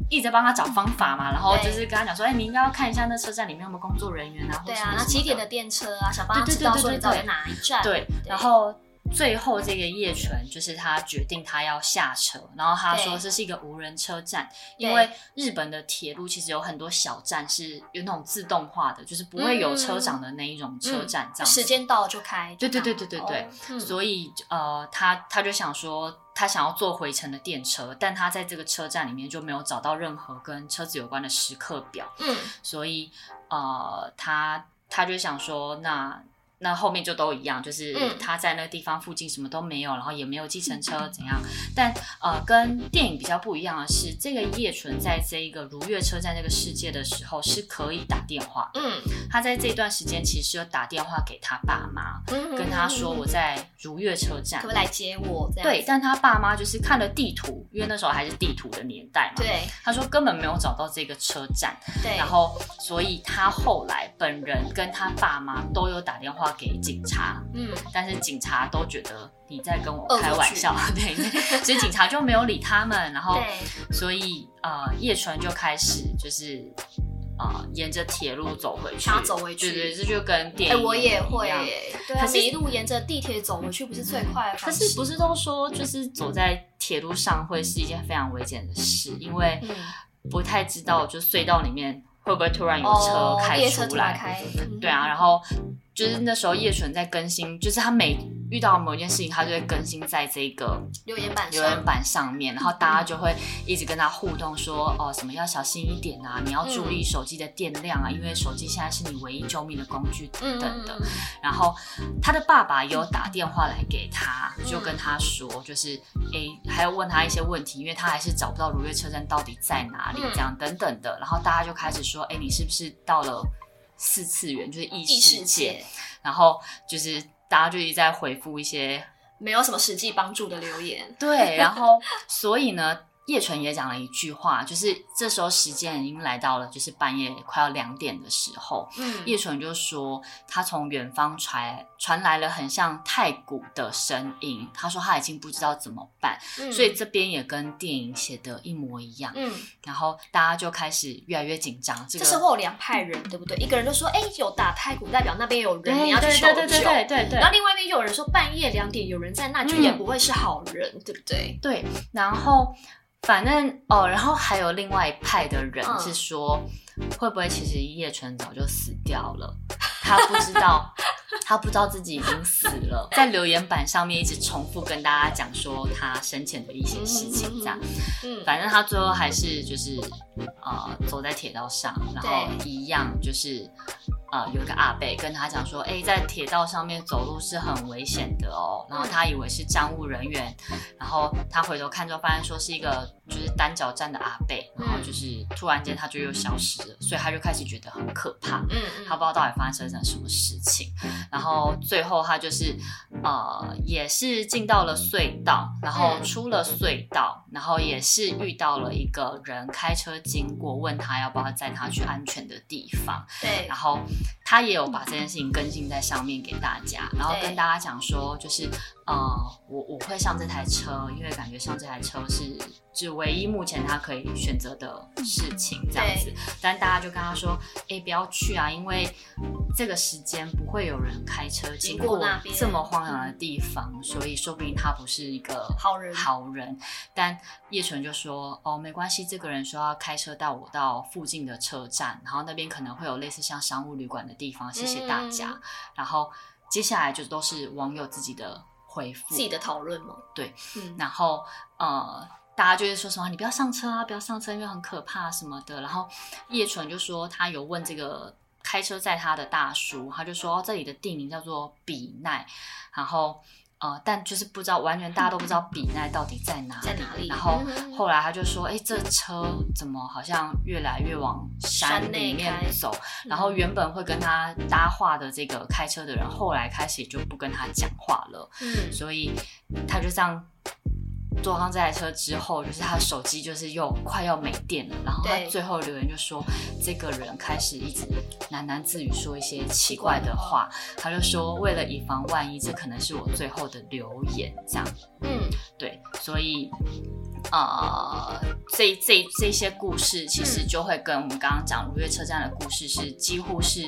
一直在幫他找方法嘛，然後就是跟他講說，哎、欸，你應該要看一下那車站裡面有沒有工作人員啊，然後什麼什麼，對啊，那幾點的電車啊，小幫他找，說找在哪一站？對，然後最後這個葉純就是他決定他要下車，然後他說這是一個無人車站，對因為日本的鐵路其實有很多小站是有那種自動化的，就是不會有車長的那一種車站，這樣、嗯嗯、時間到了就開，對對對對對對，oh. 所以呃，他他就想說。他想要坐回程的電車，但他在這個車站裡面就沒有找到任何跟車子有關的時刻表。嗯，所以，呃，他他就想說那。那後面就都一樣，就是他在那個地方附近什麼都沒有，然後也沒有計程車怎樣。但呃，跟電影比較不一樣的是，這個葉純在這一個如月車站這個世界的時候是可以打電話。嗯，他在這段時間其實有打電話給他爸媽，跟他說我在如月車站，可不可以來接我？這樣。對，但他爸媽就是看了地圖，因為那時候還是地圖的年代嘛。對。他說根本沒有找到這個車站。對。然後，所以他後來本人跟他爸媽都有打電話。給警察，嗯，但是警察都覺得你在跟我開玩笑、啊，對，所以 警察就沒有理他們。然後，對所以呃，葉純就開始就是、呃、沿着鐵路走回去，想走回去，對，對對，這就跟電影一樣，一樣。可是、欸欸，啊、一路沿着地鐵走回去不是最快？可是，不是都說就是走在鐵路上會是一件非常危險的事，因為不太知道就隧道裡面會不會突然有車開出來。對啊，然後。就是那時候葉純在更新，就是他每遇到某一件事情，他就會更新在這個留言板留言板上面，然後大家就會一直跟他互動說，說哦，什麼要小心一點啊，你要注意手機的電量啊，因為手機現在是你唯一救命的工具等等的。然後他的爸爸也有打電話來給他，就跟他說，就是哎、欸，還有問他一些問題，因為他還是找不到如月車站到底在哪裡，這樣等等的。然後大家就開始說，哎、欸，你是不是到了？四次元就是異世界，嗯、異世界然後就是大家就一直在回復一些沒有什麼實際幫助的留言，對，然後 所以呢。葉純也講了一句話，就是這時候時間已經來到了，就是半夜快要兩點的時候。嗯，葉純就說他從遠方傳傳來了很像太鼓的聲音。他說他已經不知道怎麼辦，嗯、所以這邊也跟電影寫的一模一樣。嗯，然後大家就開始越來越緊張。這個、這時候有兩派人，對不對？一個人都說：“哎、欸，有打太鼓，代表那邊有人、欸、你要去求救。”對對對對對對。然後另外一邊就有人說：“嗯、半夜兩點有人在那，就也不會是好人，嗯、對不對？”對，然後。反正哦，然後還有另外一派的人是說，會不會其實葉純早就死掉了？他不知道， 他不知道自己已經死了，在留言板上面一直重複跟大家講說他生前的一些事情，這樣。反正他最後還是就是，呃走在鐵道上，然後一樣就是。啊、呃，有一個阿伯跟他講說：“哎，在鐵道上面走路是很危險的哦。”然後他以為是站務人員，然後他回頭看之後，發現說是一個就是單腳站的阿伯，然後就是突然間他就又消失了，所以他就開始覺得很可怕。嗯，他不知道到底發生了什麼事情。然後最後他就是呃，也是進到了隧道，然後出了隧道，然後也是遇到了一個人開車經過，問他要不要載他去安全的地方。對，然後。他也有把這件事情更新在上面給大家，然後跟大家講說，就是。呃，我我會上這台車，因為感覺上這台車是就唯一目前他可以選擇的事情，嗯、這樣子。對但大家就跟他說，哎，欸，不要去啊，因為這個時間不會有人開車經過這麼荒涼的地方，所以說不定他不是一個好人。好人，嗯。但葉純就說，哦，沒關係，這個人說要開車帶我到附近的車站，然後那邊可能會有類似像商務旅館的地方，謝謝大家。嗯、然後接下來就都是網友自己的。回復自己的討論嗎？對，嗯、然後呃，大家就會說什麼，你不要上車啊，不要上車，因為很可怕什麼的。然後葉純就說，他有問這個開車載他的大叔，他就說、嗯哦、這裡的地名叫做比奈，然後。呃、但就是不知道，完全大家都不知道比奈到底在哪裡。在哪裡？然後後來他就說：“哎， 這車怎麼好像越來越往山裡面走？”然後原本會跟他搭話的這個開車的人，嗯、後來開始就不跟他講話了。嗯、所以他就這樣。坐上這台車之後，就是他的手機就是又快要沒電了，然後他最後留言就說：“對這個人開始一直喃喃自語，說一些奇怪的話。對”他就說：“為了以防萬一，這可能是我最後的留言。”這樣，嗯，對，所以啊，呃，這這這些故事其實就會跟我們剛剛講如月車站的故事是幾乎是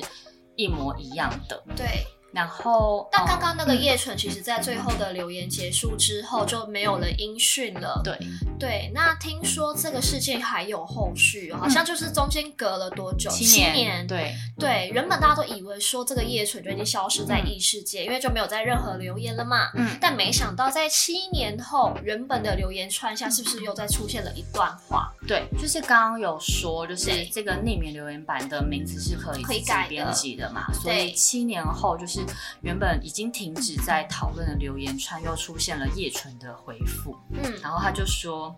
一模一樣的，對。然後，但剛剛那個葉純，其實，在最後的留言結束之後，就沒有了音訊了。對對，那聽說這個事件還有後續，好像就是中間隔了多久？七年。對年對，原本大家都以為說這個葉純就已經消失在異世界，嗯、因為就沒有在任何留言了嘛。嗯。但沒想到，在七年後，原本的留言串下，是不是又再出現了一段話？對，就是剛剛有說，就是這個匿名留言板的名字是可以可以改編輯的嘛？對所以七年後，就是。原本已經停止在討論的留言串又出現了葉純的回復，嗯，然後他就說，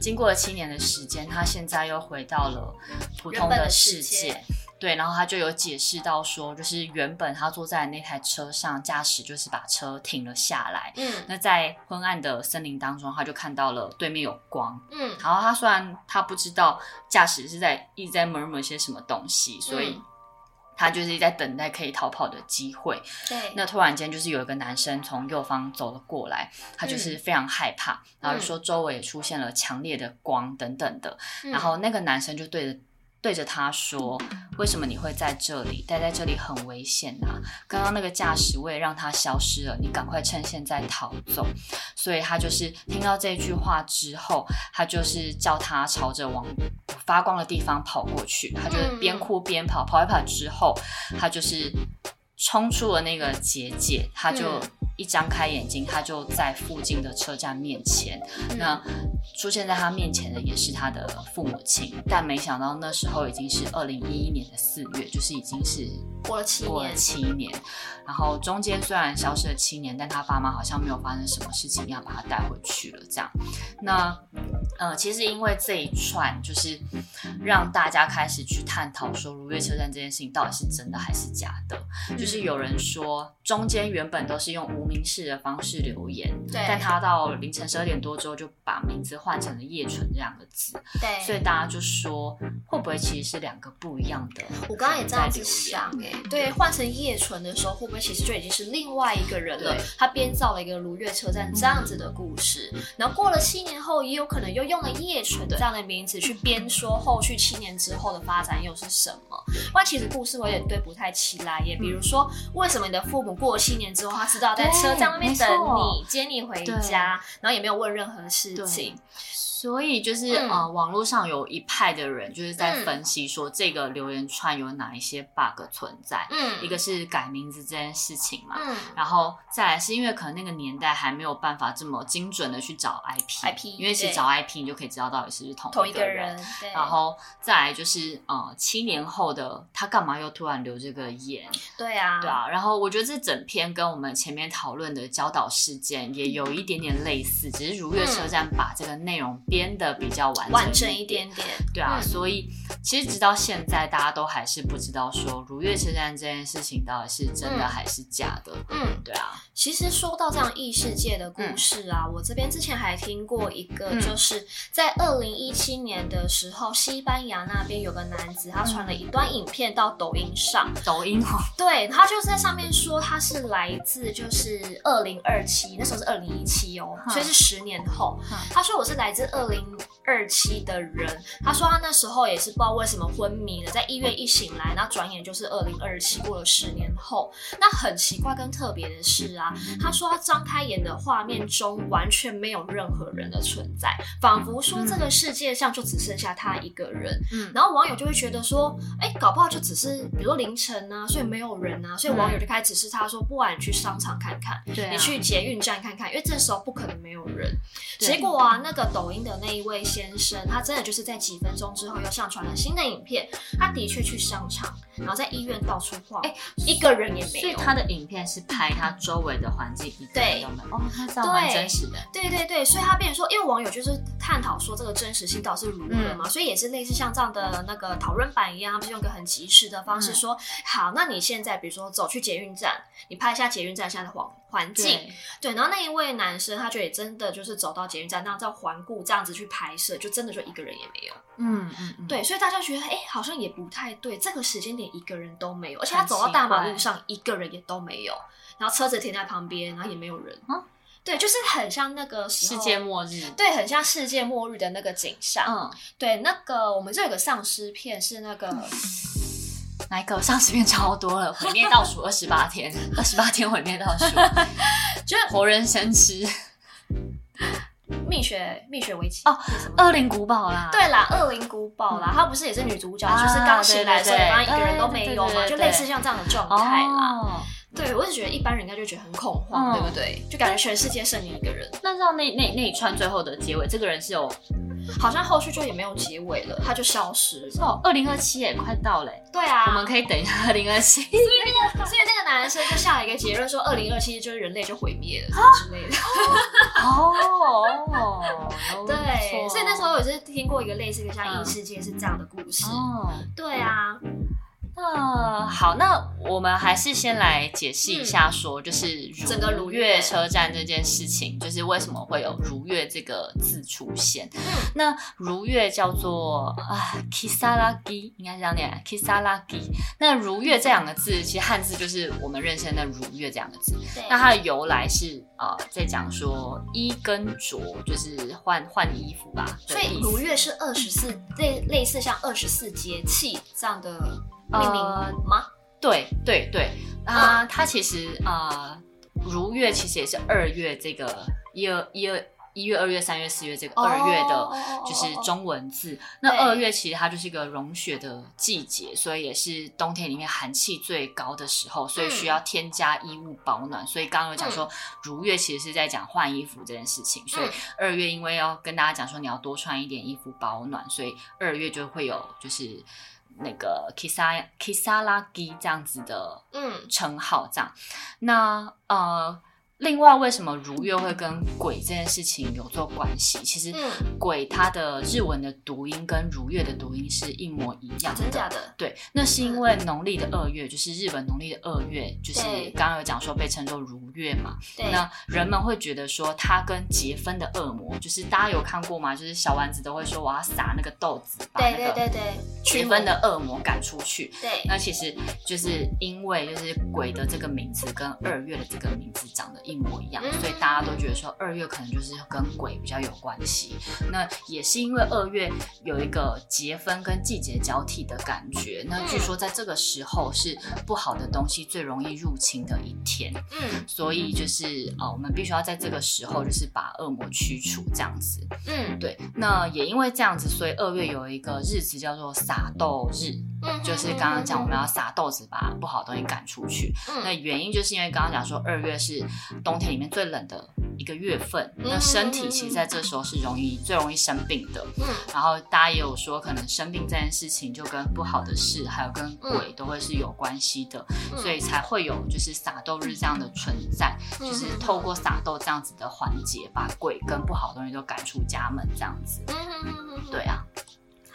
經過了七年的時間，他現在又回到了普通的世界，世界。對，然後他就有解釋到說，就是原本他坐在那台車上駕駛，就是把車停了下來，嗯，那在昏暗的森林當中，他就看到了對面有光，嗯，然後他雖然他不知道駕駛是在一直在某某些什麼東西，所以。嗯他就是在等待可以逃跑的機會。對，那突然間就是有一個男生從右方走了過來，他就是非常害怕，嗯、然後說周圍也出現了強烈的光等等的，嗯、然後那個男生就對着。對着他說：“為什麼你會在這裡？待在這裡很危險吶、啊！剛剛那個駕駛位讓他消失了，你趕快趁現在逃走。”所以他就是聽到這句話之後，他就是叫他朝着往發光的地方跑過去。他就邊哭邊跑，嗯、跑一跑之後，他就是衝出了那個結界，他就。一張開眼睛，他就在附近的車站面前。嗯、那出現在他面前的也是他的父母親，但沒想到那時候已經是二零一一年的四月，就是已經是過了七年，過了七年。然後中間雖然消失了七年，但他爸媽好像沒有發生什麼事情，要把他帶回去了。這樣，那呃，其實因為這一串就是讓大家開始去探討說，如月車站這件事情到底是真的還是假的？嗯、就是有人說，中間原本都是用無。明示的方式留言，對但他到凌晨十二點多之後就把名字換成了葉純這樣的字，對，所以大家就說會不會其實是兩個不一樣的？我剛剛也這樣子想、欸，哎，對，換成葉純的時候，會不會其實就已經是另外一個人了？對他編造了一個如月車站這樣子的故事，然後過了七年後，也有可能又用了葉純這樣的名字去編說後續七年之後的發展又是什麼？那其實故事我也對不太起來也比如說為什麼你的父母過了七年之後，他知道在？車在外面等你，錯接你回家，對然後也沒有問任何事情。對所以就是、嗯、呃，網絡上有一派的人就是在分析說這個留言串有哪一些 bug 存在，嗯，一個是改名字這件事情嘛，嗯，然後再來是因為可能那個年代還沒有辦法這麼精準的去找 IP，IP，IP，因為其實找 IP 你就可以知道到底是不是同一同一個人，對，然後再來就是呃，七年後的他幹嘛又突然留這個言，對啊，對啊，然後我覺得這整篇跟我們前面討論的鮫島事件也有一點點類似，只是如月車站把這個內容。編的比較完整完整一點點，對啊，嗯、所以其實直到現在，大家都還是不知道說如月車站這件事情到底是真的還是假的。嗯，對啊。其實說到這樣異世界的故事啊，嗯、我這邊之前還聽過一個，就是、嗯、在二零一七年的時候，西班牙那邊有個男子，他傳了一段影片到抖音上，抖音哈、哦，對，他就是在上面說他是來自就是二零二七，那時候是二零一七哦，嗯、所以是十年後。嗯、他說我是來自。二零二七的人，他說他那時候也是不知道為什麼昏迷了，在醫院一醒來，那轉眼就是二零二七過了十年後，那很奇怪跟特別的是啊，他說他張開眼的畫面中完全沒有任何人的存在，仿佛說這個世界上就只剩下他一個人。嗯，然後網友就會覺得說，哎、欸，搞不好就只是，比如凌晨啊，所以沒有人啊，所以網友就開始指示他說，不然你去商場看看，你去捷運站看看，因為這時候不可能沒有人。結果啊，那個抖音。的那一位先生，他真的就是在幾分鐘之後又上傳了新的影片。他的確去商場，然後在醫院到處逛。哎、欸，一個人也沒有。所以他的影片是拍他周圍的環境，對，哦，他照片蠻真實的，對對對。所以他變成說，因為網友就是探討說這個真實性到底是如何嘛，嗯、所以也是類似像這樣的那個討論版一樣，他們用一個很即時的方式說，好，那你現在比如說走去捷運站，你拍一下捷運站現在的黃。環境，對，對，然後那一位男生，他覺得也真的就是走到捷運站，那在環顧這樣子去拍攝，就真的就一個人也沒有。嗯嗯，嗯對，所以大家覺得哎、欸，好像也不太對，這個時間點一個人都沒有，而且他走到大馬路上，一個人也都沒有，然後車子停在旁邊，然後也沒有人。嗯，對，就是很像那個世界末日，對，很像世界末日的那個景象。嗯，對，那個我們這有個喪屍片是那個。 來個上十遍，超多了，毀滅倒數二十八天，二十八天毀滅倒數， 就活人生吃。蜜雪蜜雪維奇哦，惡靈古堡啦，對啦，惡靈古堡啦，嗯、她不是也是女主角，嗯、就是剛醒來的時候好像、啊、一個人都沒有嘛，對對對對對，就類似像這樣的狀態啦。哦。對，我只覺得一般人家就覺得很恐慌，對不對？就感覺全世界剩你一個人。那到那那那一串最後的結尾，這個人是有，好像後續就也沒有結尾了，他就消失了。哦，二零二七也快到嘞。對啊，我們可以等一下二零二七。所以那個男生就下了一個結論，說二零二七就是人類就毀滅了之類的。哦，對，所以那時候我也是聽過一個類似的像《異世界》是這樣的故事。哦，對啊。啊，uh, 好，那我們還是先來解釋一下說，說、嗯、就是如整個如月車站這件事情，嗯、就是為什麼會有“如月”這個字出現。嗯、那“如月”叫做啊 kisaragi 應該是這樣念 kisaragi，那“如月”這兩個字，其實漢字就是我們認識的“如月”這兩個字。對那它的由來是啊、呃，在講說衣跟着就是換換衣服吧。所以“對思如月是 24,、嗯”是二十四類類似像二十四節氣這樣的。呃、明明嗎？對對對，啊，oh. 它其實啊、呃，如月其實也是二月這個一、二、一、二、一月、二月、三月、四月這個二月的，就是中文字。Oh. 那二月其實它就是一個融雪的季節，對所以也是冬天裡面寒氣最高的時候，所以需要添加衣物保暖。Mm. 所以剛剛有講說如月其實是在講換衣服這件事情，mm. 所以二月因為要跟大家講說你要多穿一點衣服保暖，所以二月就會有就是。那個 kisa kisaragi 這樣子的，嗯，稱號這樣，嗯、那呃。另外，為什麼如月會跟鬼這件事情有做關係？其實，嗯、鬼它的日文的讀音跟如月的讀音是一模一樣的。真假的？對，那是因為農曆的二月，就是日本農曆的二月，對就是剛剛有講說被稱作如月嘛。對。那人們會覺得說，它跟節分的惡魔，就是大家有看過嗎？就是小丸子都會說，我要撒那個豆子，把那個對對對對，節分的惡魔趕出去。對。那其實就是因為，就是鬼的這個名字跟二月的這個名字長得一模一樣，所以大家都覺得說二月可能就是跟鬼比較有關係。那也是因為二月有一個節分跟季節交替的感覺。那據說在這個時候是不好的東西最容易入侵的一天。嗯，所以就是啊、哦，我們必須要在這個時候就是把惡魔驅除這樣子。嗯，對。那也因為這樣子，所以二月有一個日子叫做撒豆日。就是剛剛講我們要撒豆子把不好的東西趕出去。那原因就是因為剛剛講說二月是冬天裡面最冷的一個月份，那身體其實在這時候是容易最容易生病的。嗯，然後大家也有說可能生病這件事情就跟不好的事還有跟鬼都會是有關係的，所以才會有就是撒豆日這樣的存在，就是透過撒豆這樣子的環節把鬼跟不好的東西都趕出家門這樣子。嗯，對啊。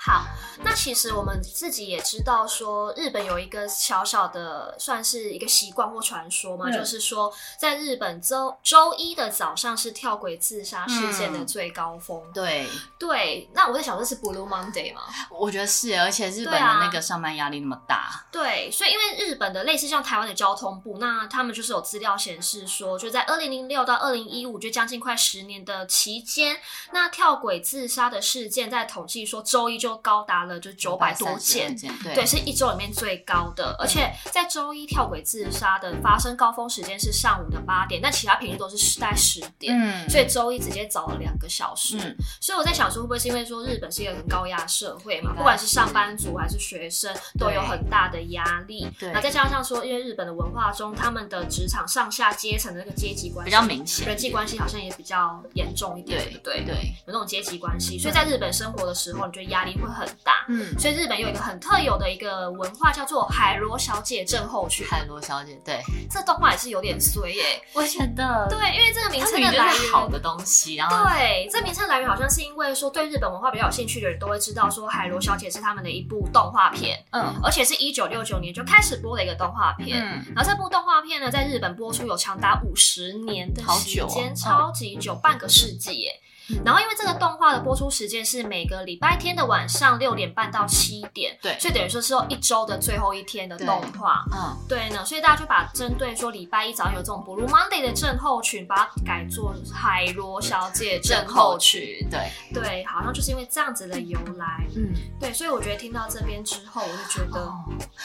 好，那其實我們自己也知道說，說日本有一個小小的算是一個習慣或傳說嘛，嗯、就是說在日本周周一的早上是跳軌自殺事件的最高峰。嗯、對對，那我在想這是 Blue Monday 嗎？我覺得是，而且日本的那個上班壓力那麼大對、啊。對，所以因為日本的類似像台灣的交通部，那他們就是有資料顯示說，就在二零零六到二零一五，就將近快十年的期間，那跳軌自殺的事件在統計說周一就。高達了就九百多件，對，是一周裡面最高的，而且在周一跳軌自殺的發生高峰時間是上午的八點，但其他平日都是十在十點，嗯，所以周一直接早了兩個小時，所以我在想說會不會是因為說日本是一個很高壓社會嘛，不管是上班族還是學生都有很大的壓力，對，那再加上說，因為日本的文化中，他們的職場上下階層的那個階級關係比較明顯，人際關係好像也比較嚴重一點，對對對，有那種階級關係，所以在日本生活的時候，你覺得壓力？會很大，嗯，所以日本有一個很特有的一個文化叫做海螺小姐症候群，海螺小姐，對，這動畫也是有點衰耶、欸，我覺得。對，因為這個名稱的來源。好的東西，然後。對，這個、名稱來源好像是因為說對日本文化比較有興趣的人都會知道說，說海螺小姐是他們的一部動畫片，嗯，而且是一九六九年就開始播的一個動畫片，嗯，然後這部動畫片呢，在日本播出有長達五十年的時間，好久哦、超級久，嗯、半個世紀耶、欸。嗯、然後，因為這個動畫的播出時間是每個禮拜天的晚上六點半到七點，對，所以等於說是說一周的最後一天的動畫，嗯，對呢，所以大家就把針對說禮拜一早有這種 Blue Monday 的症候群，把它改做海螺小姐症候，候群。對，對，好像就是因為這樣子的由來，嗯，對，所以我覺得聽到這邊之後，我就覺得，哦、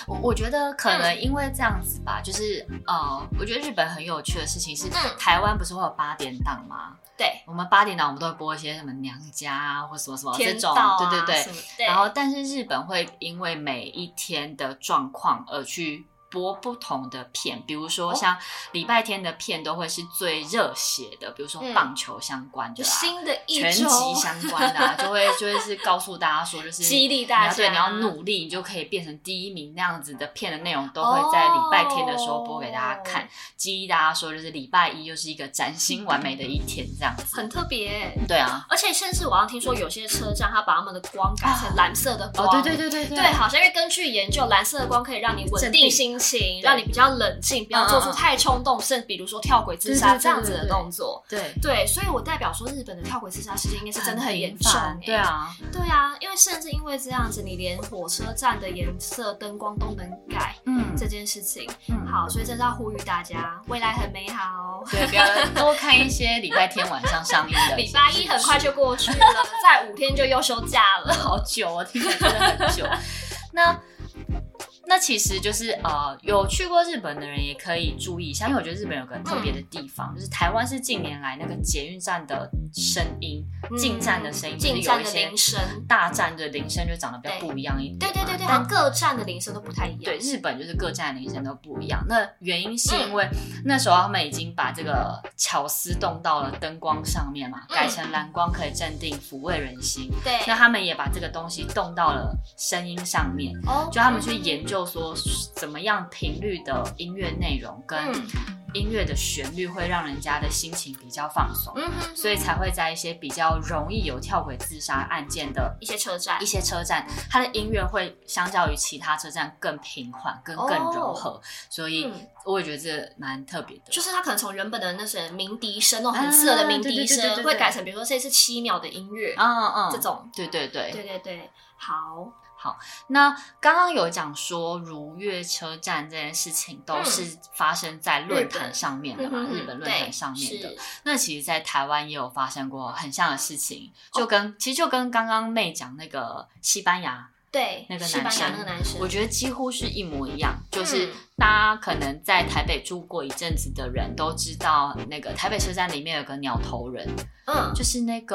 我我覺得可能因為這樣子吧，嗯、就是呃，我覺得日本很有趣的事情是，嗯、台灣不是會有八點檔嗎？對我們八點檔，我們都會播一些什麼娘家啊，或者什麼什麼這種，啊、對對對。對然後，但是日本會因為每一天的狀況而去。播不同的片，比如說像禮拜天的片都會是最熱血的，比如說棒球相關的，啊，嗯，全集相關的，啊，的就會就會是告訴大家說，就是激勵大家，啊，你對你要努力，你就可以變成第一名那樣子的片的內容都會在禮拜天的時候播給大家看，激勵，哦，大家說就是禮拜一又是一個嶄新完美的一天這樣子，很特別，欸，對啊，而且甚至我好像聽說有些車站他把他們的光改成藍色的光，哦，啊，對，對對對對對，對，好像因為根據研究，藍色的光可以讓你穩定，定心。情，讓你比較冷靜，不要做出太衝動，甚至比如說跳軌自殺這樣子的動作。對對，所以我代表說，日本的跳軌自殺事件應該是真的很嚴重。對啊，對啊，因為甚至因為這樣子，你連火車站的顏色燈光都能改。嗯，這件事情，好，所以這是要呼籲大家，未來很美好。對，不要多看一些禮拜天晚上上映的。禮拜一很快就過去了，再五天就又休假了。好久，啊，聽了真的很久。那。那其實就是呃，有去過日本的人也可以注意一下，因為我覺得日本有個很特別的地方，嗯、就是台灣是近年來那個捷運站的聲音，進、嗯、站的聲音，進、嗯、站的鈴聲，大站的鈴聲就長得比較不一樣一點。嘛、對對對對，但各站的鈴聲都不太一樣。對，日本就是各站鈴聲都不一樣。那原因是因為那時候他們已經把這個巧思動到了燈光上面嘛，嗯、改成藍光可以鎮定撫慰人心。對，那他們也把這個東西動到了聲音上面，哦。就他們去研究，說怎麼樣頻率的音樂內容跟音樂的旋律會讓人家的心情比較放鬆，嗯、哼哼所以才會在一些比較容易有跳軌自殺案件的一些車站，一些車站，它的音樂會相較於其他車站更平緩、更更柔和。哦、所以我也覺得這蠻特別的，就是它可能從原本的那些鳴笛聲哦，那種很刺耳的鳴笛聲，會改成比如說這是七秒的音樂啊啊、嗯嗯、這種，對對對對對對，好。好，那剛剛有講說如月車站這件事情都是發生在論壇上面的嘛？嗯、日本論壇、嗯嗯、上面的。那其實，在台灣也有發生過很像的事情，就跟、哦、其實就跟剛剛妹講那個西班牙，對，那個男生，那個男生，我覺得幾乎是一模一樣，嗯、就是。大家可能在台北住過一陣子的人都知道，那個台北車站裡面有個鳥頭人，嗯，就是那個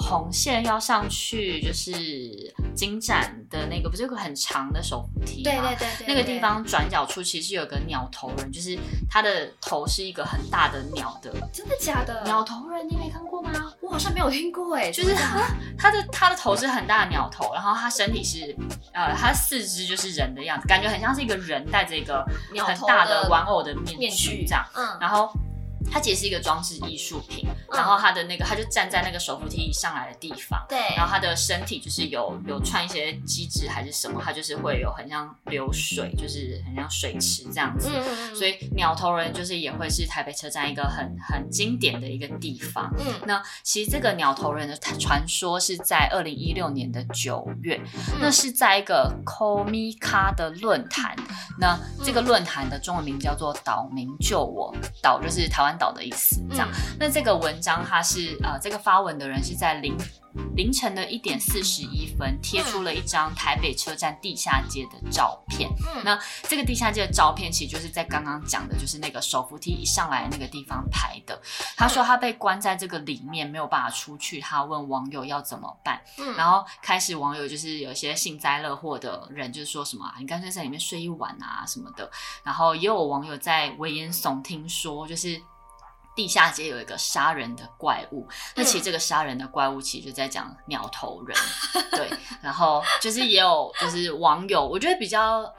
紅線要上去，就是京站的那個，不是有個很長的手扶梯嗎？對對,對對對對。那個地方轉角處其實有個鳥頭人，就是他的頭是一個很大的鳥的。哦、真的假的？鳥頭人你沒看過嗎？我好像沒有聽過哎、欸。就是他的他的,他的頭是很大的鳥頭，然後他身體是，呃，他四肢就是人的樣子，感覺很像是一個人戴着一個。很大的玩偶的面具這樣，嗯，然後。它其實是一個裝飾藝術品，然後它的那個，它就站在那個手扶梯上來的地方，對，然後它的身體就是有有串一些機制還是什麼，它就是會有很像流水，就是很像水池這樣子，嗯、所以鳥頭人就是也會是台北車站一個很很經典的一個地方。嗯，那其實這個鳥頭人的傳說是在二零一六年的九月，嗯、那是在一個 Komica 的論壇，那這個論壇的中文名叫做“島民救我”，島就是台灣。倒的意思，嗯、這樣。那這個文章它，他是呃，這個發文的人是在零凌晨的一點四十一分貼出了一張台北車站地下街的照片。嗯，那這個地下街的照片，其實就是在剛剛講的，就是那個手扶梯一上來那個地方拍的。他說他被關在這個裡面沒有辦法出去，他問網友要怎麼辦。嗯，然後開始網友就是有些幸災樂禍的人，就是說什麼、啊，你乾脆在裡面睡一晚啊什麼的。然後也有網友在危言聳聽說，就是。地下街有一個殺人的怪物，那其實這個殺人的怪物其實就在講鳥頭人，對，然後就是也有就是網友，我覺得比較啊。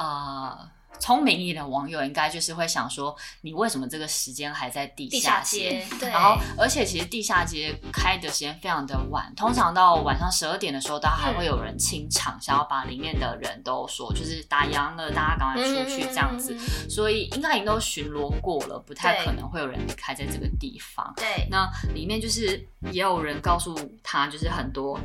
呃聰明一點的網友應該就是會想說，你為什麼這個時間還在地下街？地下街對，然後，而且其實地下街開的時間非常的晚，通常到晚上十二點的時候，大家還會有人清場，想要把裡面的人都說、嗯、就是打烊了，大家趕快出去這樣子。嗯嗯嗯嗯。所以應該已經都巡邏過了，不太可能會有人離開在這個地方。對，那裡面就是也有人告訴他，就是很多。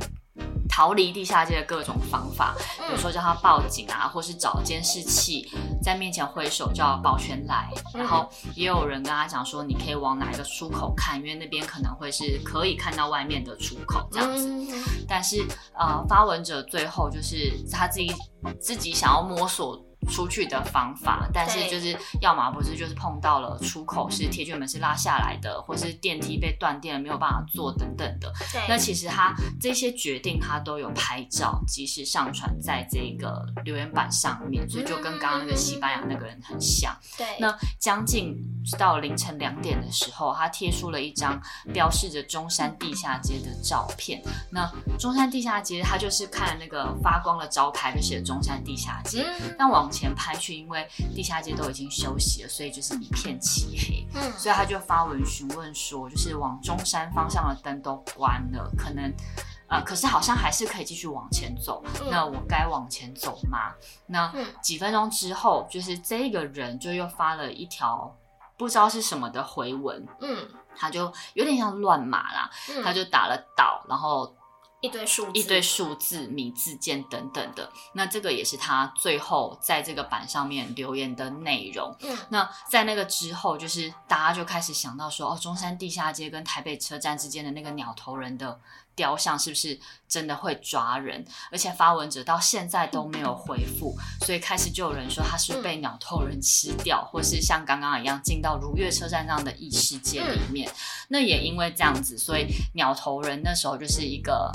逃離地下街的各種方法，比如說叫他報警啊，或是找監視器在面前揮手叫保全來，然後也有人跟他講說，你可以往哪一個出口看，因為那邊可能會是可以看到外面的出口這樣子。但是，呃，發文者最後就是他自己自己想要摸索出去的方法，但是就是要麼不是就是碰到了出口是鐵捲門是拉下來的，或是電梯被斷電了沒有辦法坐等等的。對，那其實他這些決定他都有拍照，即時上傳在這個留言板上面，所以就跟剛剛那個西班牙那個人很像。對，那將近到凌晨兩點的時候，他貼出了一張標示着中山地下街的照片。那中山地下街，他就是看那個發光的招牌，就寫、着、中山地下街，嗯、那往。前拍去，因為地下街都已經休息了，所以就是一片漆黑。嗯，所以他就發文詢問說，就是往中山方向的燈都關了，可能，呃，可是好像還是可以繼續往前走。那我該往前走嗎？那幾分鐘之後，就是這個人就又發了一條不知道是什麼的回文。嗯，他就有點像亂碼啦，他就打了倒，然後。一堆數字，一堆數字、米字鍵等等的，那這個也是他最後在這個板上面留言的內容。嗯、那在那個之後，就是大家就開始想到說，哦，中山地下街跟台北車站之間的那個鳥頭人的雕像，是不是真的會抓人？而且發文者到現在都沒有回復，所以開始就有人說他是被鳥頭人吃掉，或是像剛剛一樣進到如月車站這樣的異世界裡面。嗯、那也因為這樣子，所以鳥頭人那時候就是一個。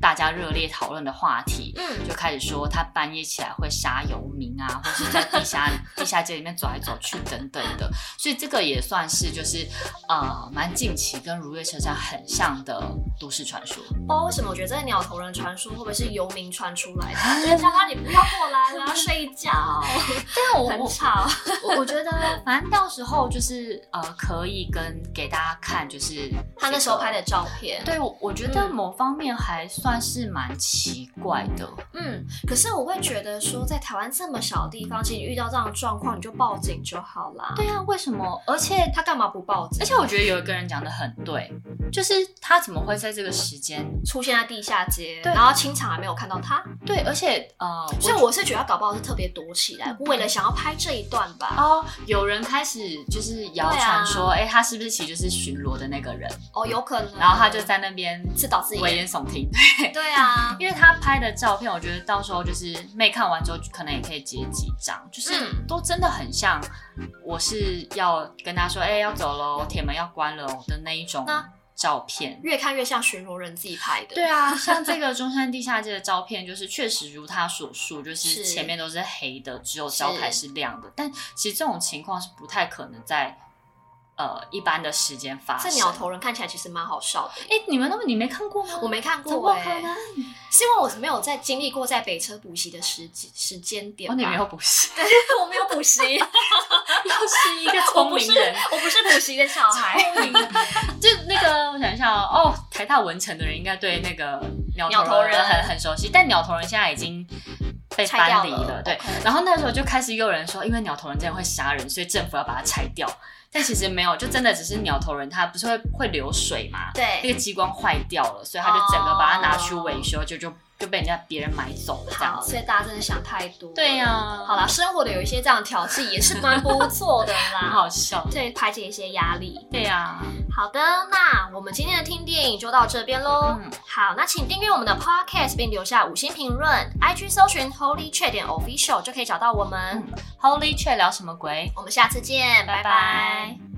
大家熱烈討論的話題，嗯、就開始說他半夜起來會殺遊民啊，或是在地下 地下街裡面走來走去等等的，所以這個也算是就是呃蠻近期跟如月車站很像的都市傳說。不知道為什麼，我覺得這個鳥頭人傳說會不會是遊民傳出來的？叫、嗯嗯、他你不要過來、啊，我要 睡覺。 對啊，我很吵。我我覺得反正到時候就是呃可以跟給大家看，就是他那時候拍的照片。對，我覺得某方面還是，算是蠻奇怪的，嗯，可是我會覺得說，在台灣這麼小的地方，其實你遇到這樣的狀況，你就報警就好啦。對啊，為什麼？而且他幹嘛不報警？而且我覺得有一個人講得很對，就是他怎麼會在這個時間出現在地下街，然後清場還沒有看到他？對，而且呃，所以我是覺得他搞不好是特別躲起來，為了想要拍這一段吧。哦，有人開始就是謠傳說，哎，他是不是其實就是巡邏的那個人？哦，有可能。然後他就在那邊自導自演，危言聳聽。對啊， 因為他拍的照片，我覺得到時候就是妹看完之後，可能也可以截幾張，就是都真的很像。我是要跟他說，哎，要走嘍，鐵門要關了的那一種照片，那越看越像巡邏人自己拍的。對啊，像這個中山地下街的照片，就是確實如他所述，就是前面都是黑的，只有招牌是亮的。但其實這種情況是不太可能在。呃，一般的時間發這鳥頭人看起來其實蠻好笑的。哎，你們那麼你沒看過嗎？我沒看過，怎麼可能？是因為我沒有在經歷過在北車補習的時時間點。哦，你沒有補習，對，我沒有補習，又是一個聰明人。我不是補習的小孩。聰明。就那個，我想一下哦，台大文成的人應該對那個鳥頭人很很熟悉。但鳥頭人現在已經被搬離了。對，然後那時候就開始有人說，因為鳥頭人真的會殺人，所以政府要把它拆掉。但其實沒有，就真的只是鳥頭人，他不是會會流水嘛？對，那個激光壞掉了，所以他就整個把它拿去維修，oh. 就就。就被人家別人買走了這樣子，所以大家真的想太多。對呀、啊，好啦，生活的有一些這樣調劑也是蠻不錯的啦， 很好笑，對，排解一些壓力。對呀、啊，好的，那我們今天的聽電影就到這邊嘍。嗯、好，那請訂閱我們的 Podcast，並留下五星評論。IG、嗯、搜尋 Holy Chat 點 Official 就可以找到我們。嗯、Holy Chat 聊什麼鬼？我們下次見，拜拜 bye。Bye bye